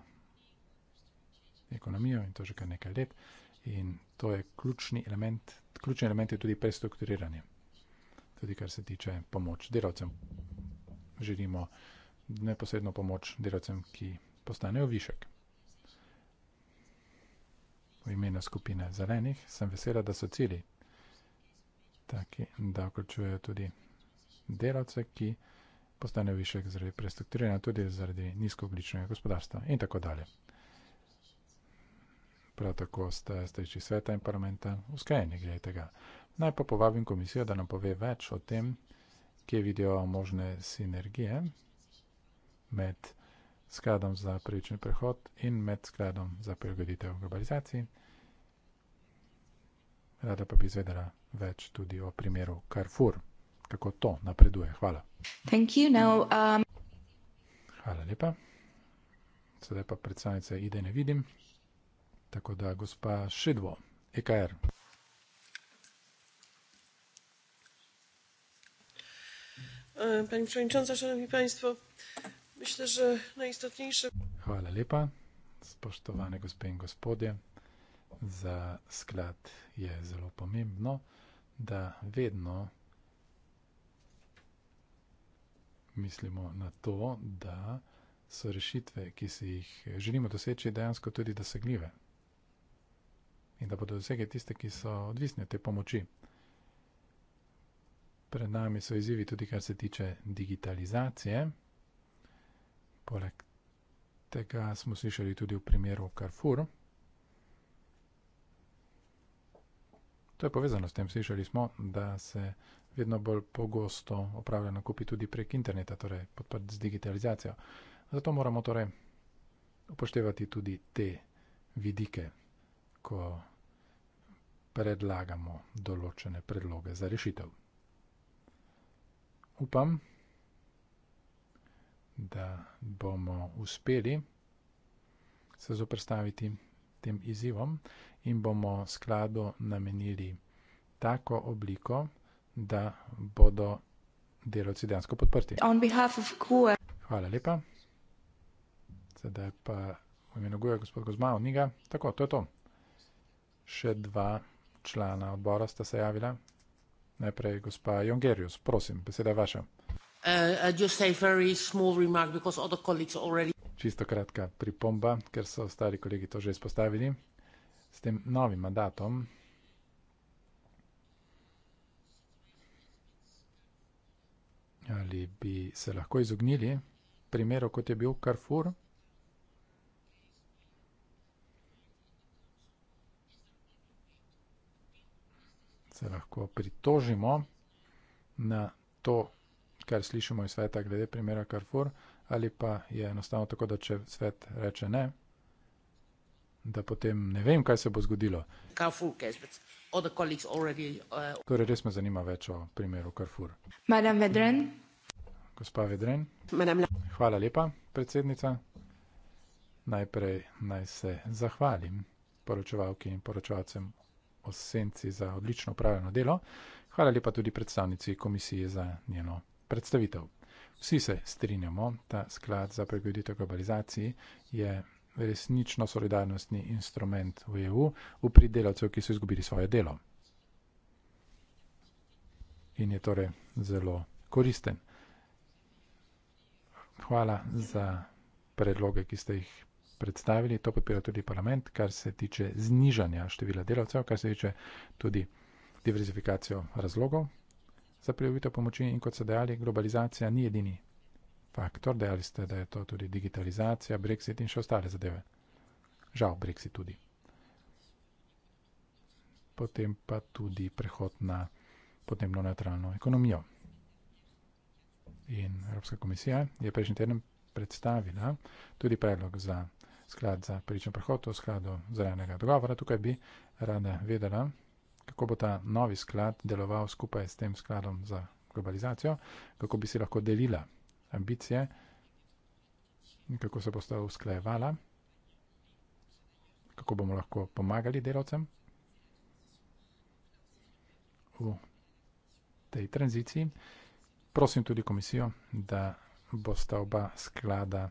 ekonomijo in to že kar nekaj let. In to je ključni element, ključni element je tudi prestrukturiranje. Tudi kar se tiče pomoč delavcem. Želimo neposredno pomoč delavcem, ki postanejo višek. V imenu skupine zelenih sem vesela, da so cilji taki, da vključujejo tudi delavce, ki postanejo višek zaradi prestrukturiranja, tudi zaradi nizkogličnega gospodarstva in tako dalje. Prav tako sta stajči sveta in parlamenta uskajeni glede tega. Naj pa povabim komisijo, da nam pove več o tem, kje vidijo možne sinergije med skladom za prilični prehod in med skladom za prilagoditev globalizaciji. Rada pa bi izvedela več tudi o primeru Carrefour, kako to napreduje. Hvala. You, no, um... Hvala lepa. Sedaj pa predstavnice ID ne vidim. Tako da, gospa Šedvo, EKR. E, pani przewodnicząca, szanowni państwo, myślę, że najistotniejsze. Hvala lepa, spoštovane gospe in gospodje, za sklad je zelo pomembno da vedno mislimo na to, da so rešitve, ki si jih želimo doseči, dejansko tudi dosegljive. In da bodo dosegli tiste, ki so odvisni od te pomoči. Pred nami so izzivi tudi, kar se tiče digitalizacije. Poleg tega smo slišali tudi v primeru Carrefour. To je povezano s tem, slišali smo, da se vedno bolj pogosto opravljajo nakupi tudi prek interneta, torej podprt z digitalizacijo. Zato moramo torej upoštevati tudi te vidike, ko predlagamo določene predloge za rešitev. Upam, da bomo uspeli se zoprstaviti tem izzivom in bomo skladu namenili tako obliko, da bodo delavci dejansko podprti. Hvala lepa. Sedaj pa v imenu Guja gospod Gozmao, njega. Tako, to je to. Še dva člana odbora sta se javila. Najprej gospa Jongerius, prosim, beseda je vaša. Uh, Čisto kratka pripomba, ker so ostali kolegi to že izpostavili s tem novim mandatom. Ali bi se lahko izognili primeru, kot je bil Carrefour? Se lahko pritožimo na to, kar slišimo iz sveta glede primera Carrefour, ali pa je enostavno tako, da če svet reče ne, da potem ne vem, kaj se bo zgodilo. Carrefour case, already, uh... Torej, res me zanima več o primeru Carrefour. Vedren. Gospa Vedren. Hvala lepa, predsednica. Najprej naj se zahvalim poročevalki in poročevalcem o senci za odlično upravljeno delo. Hvala lepa tudi predstavnici komisije za njeno predstavitev. Vsi se strinjamo, da sklad za pregleditev globalizaciji je resnično solidarnostni instrument v EU v prid delavcev, ki so izgubili svoje delo. In je torej zelo koristen. Hvala za predloge, ki ste jih predstavili. To podpira tudi parlament, kar se tiče znižanja števila delavcev, kar se tiče tudi diverzifikacijo razlogov za prijavitev pomoči in kot ste dejali, globalizacija ni edini faktor, dejali ste, da je to tudi digitalizacija, Brexit in še ostale zadeve. Žal, Brexit tudi. Potem pa tudi prehod na podnebno neutralno ekonomijo. In Evropska komisija je prejšnji teden predstavila tudi predlog za sklad za prilično prehod v skladu zelenega dogovora. Tukaj bi rada vedela, kako bo ta novi sklad deloval skupaj s tem skladom za globalizacijo, kako bi si lahko delila ambicije in kako se bo sta usklajevala, kako bomo lahko pomagali delavcem v tej tranziciji. Prosim tudi komisijo, da bo sta oba sklada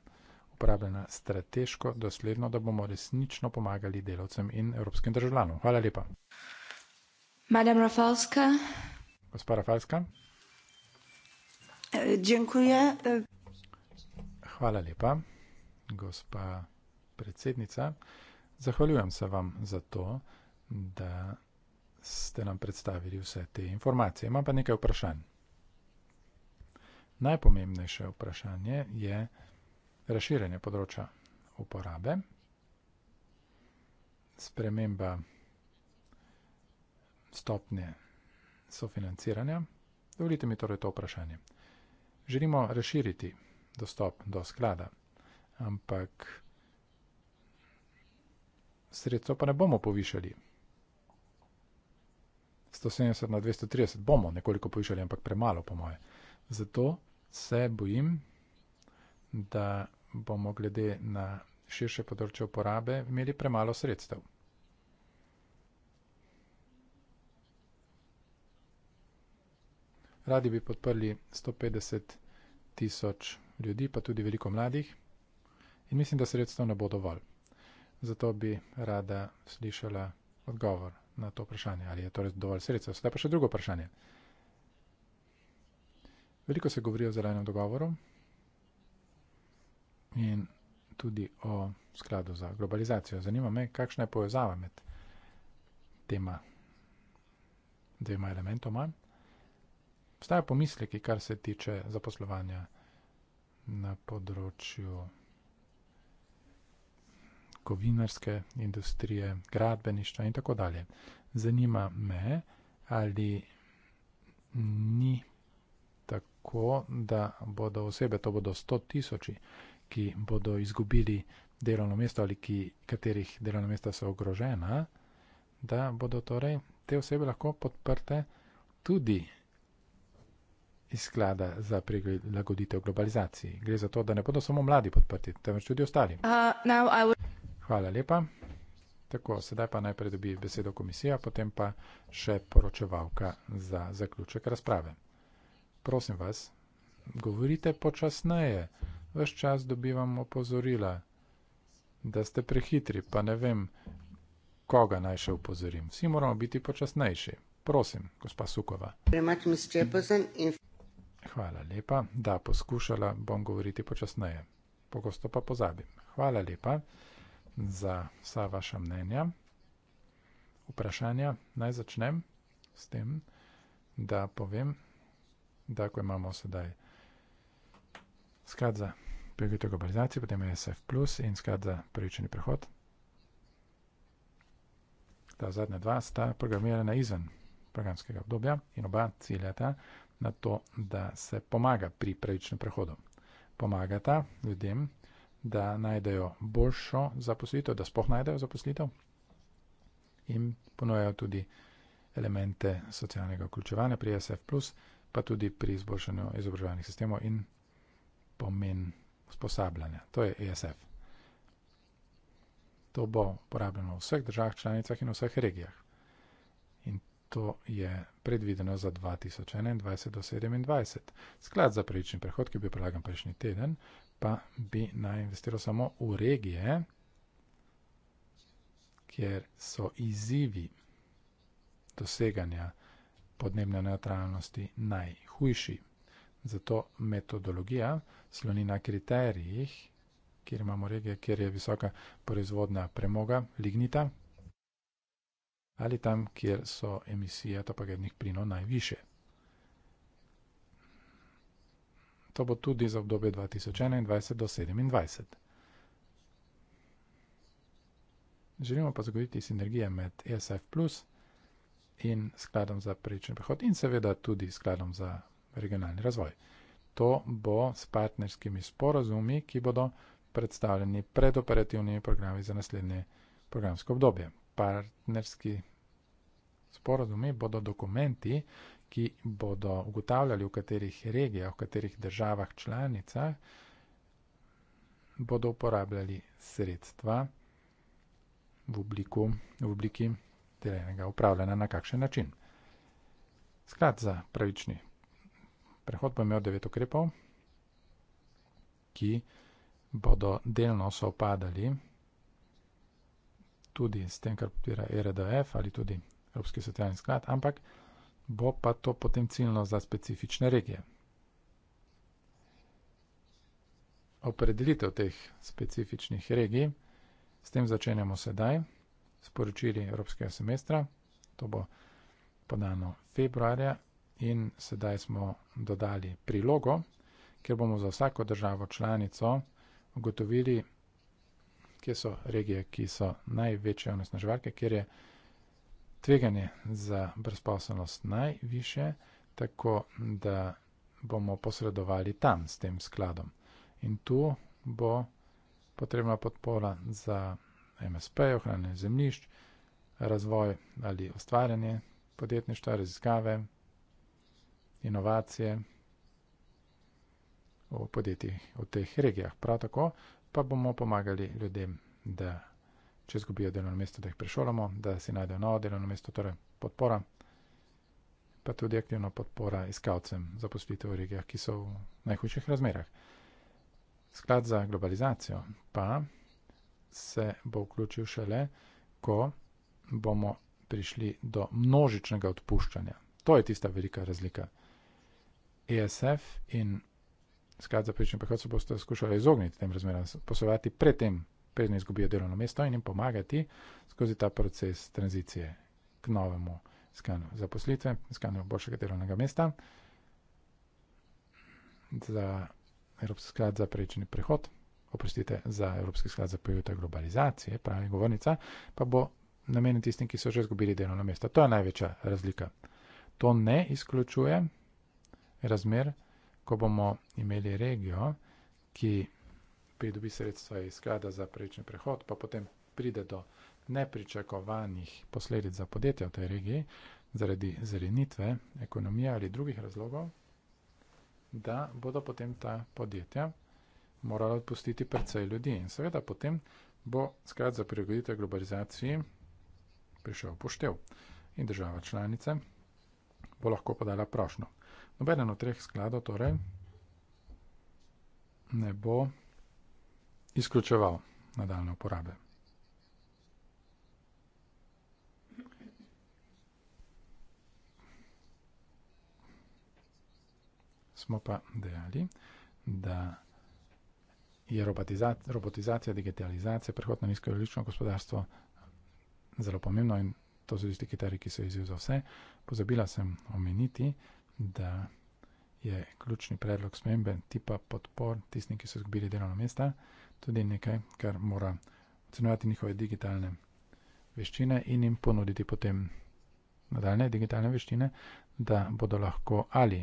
upravljena strateško, dosledno, da bomo resnično pomagali delavcem in evropskim državljanom. Hvala lepa. Madame Rafalska. Gospa Rafalska. Dziękuję. Hvala lepa, gospa predsednica. Zahvaljujem se vam za to, da ste nam predstavili vse te informacije. Imam pa nekaj vprašanj. Najpomembnejše vprašanje je razširjanje področja uporabe, sprememba stopnje sofinanciranja. Dovolite mi torej to vprašanje želimo razširiti dostop do sklada, ampak sredstvo pa ne bomo povišali. 170 na 230 bomo nekoliko povišali, ampak premalo po moje. Zato se bojim, da bomo glede na širše področje uporabe imeli premalo sredstev. Radi bi podprli 150 tisoč ljudi, pa tudi veliko mladih. In mislim, da sredstvo ne bo dovolj. Zato bi rada slišala odgovor na to vprašanje, ali je torej dovolj sredstva. Sedaj pa še drugo vprašanje. Veliko se govori o zelenem dogovoru in tudi o skladu za globalizacijo. Zanima me, kakšna je povezava med tema dvema elementoma obstajajo pomisleki, kar se tiče zaposlovanja na področju kovinarske industrije, gradbeništva in tako dalje. Zanima me, ali ni tako, da bodo osebe, to bodo 100 tisoči, ki bodo izgubili delovno mesto ali ki, katerih delovna mesta so ogrožena, da bodo torej te osebe lahko podprte tudi iz sklada za prilagoditev globalizaciji. Gre za to, da ne bodo samo mladi podprti, temveč tudi ostali. Uh, will... Hvala lepa. Tako, sedaj pa najprej dobi besedo komisija, potem pa še poročevalka za zaključek razprave. Prosim vas, govorite počasneje. Ves čas dobivam opozorila, da ste prehitri, pa ne vem, koga naj še upozorim. Vsi moramo biti počasnejši. Prosim, gospa Sukova. Very much, Mr. President. Hvala lepa, da poskušala bom govoriti počasneje. Pogosto pa pozabim. Hvala lepa za vsa vaša mnenja. Vprašanja naj začnem s tem, da povem, da ko imamo sedaj sklad za prioritete globalizacije, potem je SF plus in sklad za prvični prehod. Ta zadnja dva sta programirana izven programskega obdobja in oba ciljata na to, da se pomaga pri pravičnem prehodu. Pomagata ljudem, da najdejo boljšo zaposlitev, da spoh najdejo zaposlitev in ponujajo tudi elemente socialnega vključevanja pri SF, pa tudi pri izboljšanju izobraževalnih sistemov in pomen usposabljanja. To je ESF. To bo uporabljeno v vseh državah članicah in v vseh regijah to je predvideno za 2021 do 2027. Sklad za prejični prehod, ki je bil predlagan prejšnji teden, pa bi naj investiral samo v regije, kjer so izzivi doseganja podnebne neutralnosti najhujši. Zato metodologija sloni na kriterijih, kjer imamo regije, kjer je visoka proizvodna premoga, lignita, ali tam, kjer so emisije topogenih plinov najviše. To bo tudi za obdobje 2021 do 2027. Želimo pa zagotoviti sinergije med ESF plus in skladom za prejčen prehod in seveda tudi skladom za regionalni razvoj. To bo s partnerskimi sporazumi, ki bodo predstavljeni pred operativnimi programi za naslednje programsko obdobje partnerski sporozumi bodo dokumenti, ki bodo ugotavljali, v katerih regijah, v katerih državah članicah bodo uporabljali sredstva v, obliku, v obliki delenega upravljanja na kakšen način. Skrat za pravični prehod bo imel devet ukrepov, ki bodo delno sopadali tudi s tem, kar podpira e RDF ali tudi Evropski socialni sklad, ampak bo pa to potem ciljno za specifične regije. Opredelitev teh specifičnih regij, s tem začenjamo sedaj, sporočili Evropskega semestra, to bo podano februarja in sedaj smo dodali prilogo, kjer bomo za vsako državo članico ugotovili, kje so regije, ki so največje onesnaževalke, kjer je tveganje za brezposobnost najviše, tako da bomo posredovali tam s tem skladom. In tu bo potrebna podpora za MSP, ohranjanje zemljišč, razvoj ali ustvarjanje podjetništva, raziskave, inovacije v podjetjih v teh regijah. Prav tako pa bomo pomagali ljudem, da če zgubijo delovno mesto, da jih prešolamo, da si najdejo novo delovno mesto, torej podpora, pa tudi aktivna podpora iskalcem za poslitev v regijah, ki so v najhujših razmerah. Sklad za globalizacijo pa se bo vključil šele, ko bomo prišli do množičnega odpuščanja. To je tista velika razlika. ESF in sklad za prečne prehod, se boste skušali izogniti tem razmeram, poslovati predtem, prednji izgubijo delovno mesto in jim pomagati skozi ta proces tranzicije k novemu skanu zaposlitve, skanu boljšega delovnega mesta za Evropski sklad za prečni prehod, oprostite, za Evropski sklad za pojuta globalizacije, pravi govornica, pa bo namenjen tistim, ki so že izgubili delovno mesto. To je največja razlika. To ne izključuje razmer, ko bomo imeli regijo, ki pridobi sredstva iz sklada za prejčni prehod, pa potem pride do nepričakovanih posledic za podjetja v tej regiji, zaradi zrenitve ekonomije ali drugih razlogov, da bodo potem ta podjetja morala odpustiti precej ljudi. In seveda potem bo sklad za prilagoditev globalizaciji prišel poštev in država članice bo lahko podala prošnjo. Nobeden od treh skladov torej ne bo izključeval nadaljne uporabe. Smo pa dejali, da je robotizacija, digitalizacija, prehod na nizkoglično gospodarstvo zelo pomembno in to so tisti kriteriji, ki se izjiv za vse. Pozabila sem omeniti, da da je ključni predlog spremembe tipa podpor tistim, ki so izgubili delovno mesto, tudi nekaj, kar mora ocenjevati njihove digitalne veščine in jim ponuditi potem nadaljne digitalne veščine, da bodo lahko ali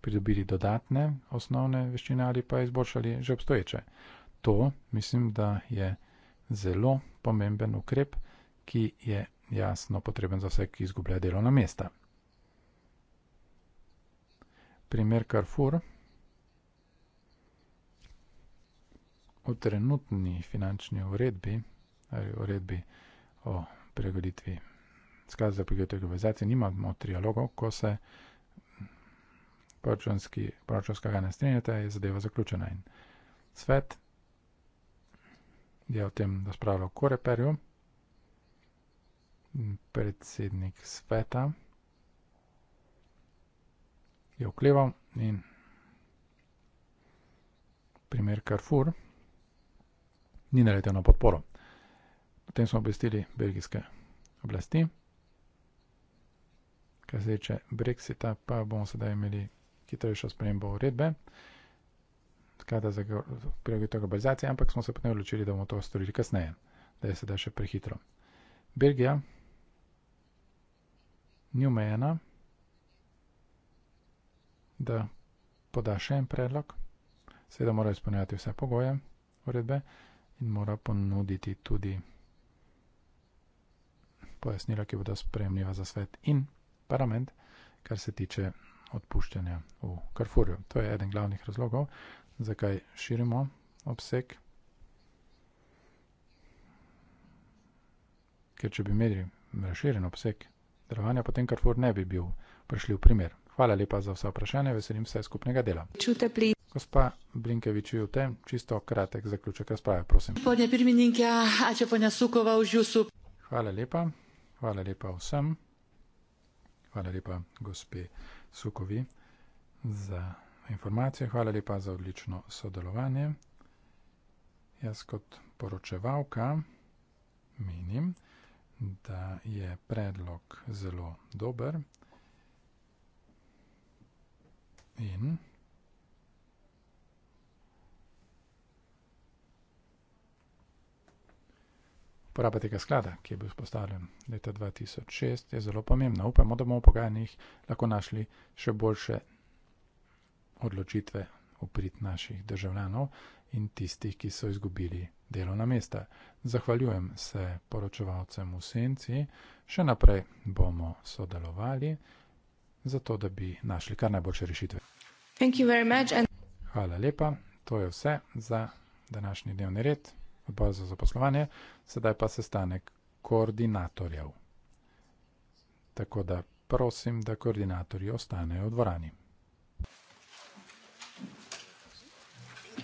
pridobili dodatne osnovne veščine ali pa izboljšali že obstoječe. To mislim, da je zelo pomemben ukrep, ki je jasno potreben za vse, ki izgubljajo delovna mesta primer Carrefour. V trenutni finančni uredbi, ali uredbi o pregoditvi sklada za pregoditev globalizacije, nimamo trialogov, ko se proračunskega ne strinjate, je zadeva zaključena. In svet je o tem razpravljal v Koreperju, predsednik sveta jo vklevam in primer Carrefour ni naletel na podporo. Potem smo obvestili belgijske oblasti. Kaj se reče Brexita, pa bomo sedaj imeli hitrejšo spremembo uredbe, sklada za prilagoditev globalizacije, ampak smo se potem odločili, da bomo to storili kasneje, da je sedaj še prehitro. Belgija ni omejena, da poda še en predlog, seveda mora izpolnjevati vse pogoje uredbe in mora ponuditi tudi pojasnila, ki bodo spremljiva za svet in parlament, kar se tiče odpuščanja v Karfurju. To je eden glavnih razlogov, zakaj širimo obseg. Ker če bi imeli razširjen obseg delovanja, potem Karfur ne bi bil prišljiv primer. Hvala lepa za vse vprašanje, veselim se skupnega dela. Čute pri. Gospa Blinkevič, v tem čisto kratek zaključek razprave, prosim. Ja, hvala lepa, hvala lepa vsem. Hvala lepa gospe Sukovi za informacije, hvala lepa za odlično sodelovanje. Jaz kot poročevalka menim, da je predlog zelo dober. In. Uporaba tega sklada, ki je bil vzpostavljen leta 2006, je zelo pomembna. Upamo, da bomo v pogajanjih lahko našli še boljše odločitve v prid naših državljanov in tistih, ki so izgubili delovna mesta. Zahvaljujem se poročevalcem v Senci, še naprej bomo sodelovali zato da bi našli kar najboljše rešitve. Hvala lepa, to je vse za današnji dnevni red, odbor za zaposlovanje, sedaj pa sestanek koordinatorjev. Tako da prosim, da koordinatorji ostanejo v dvorani.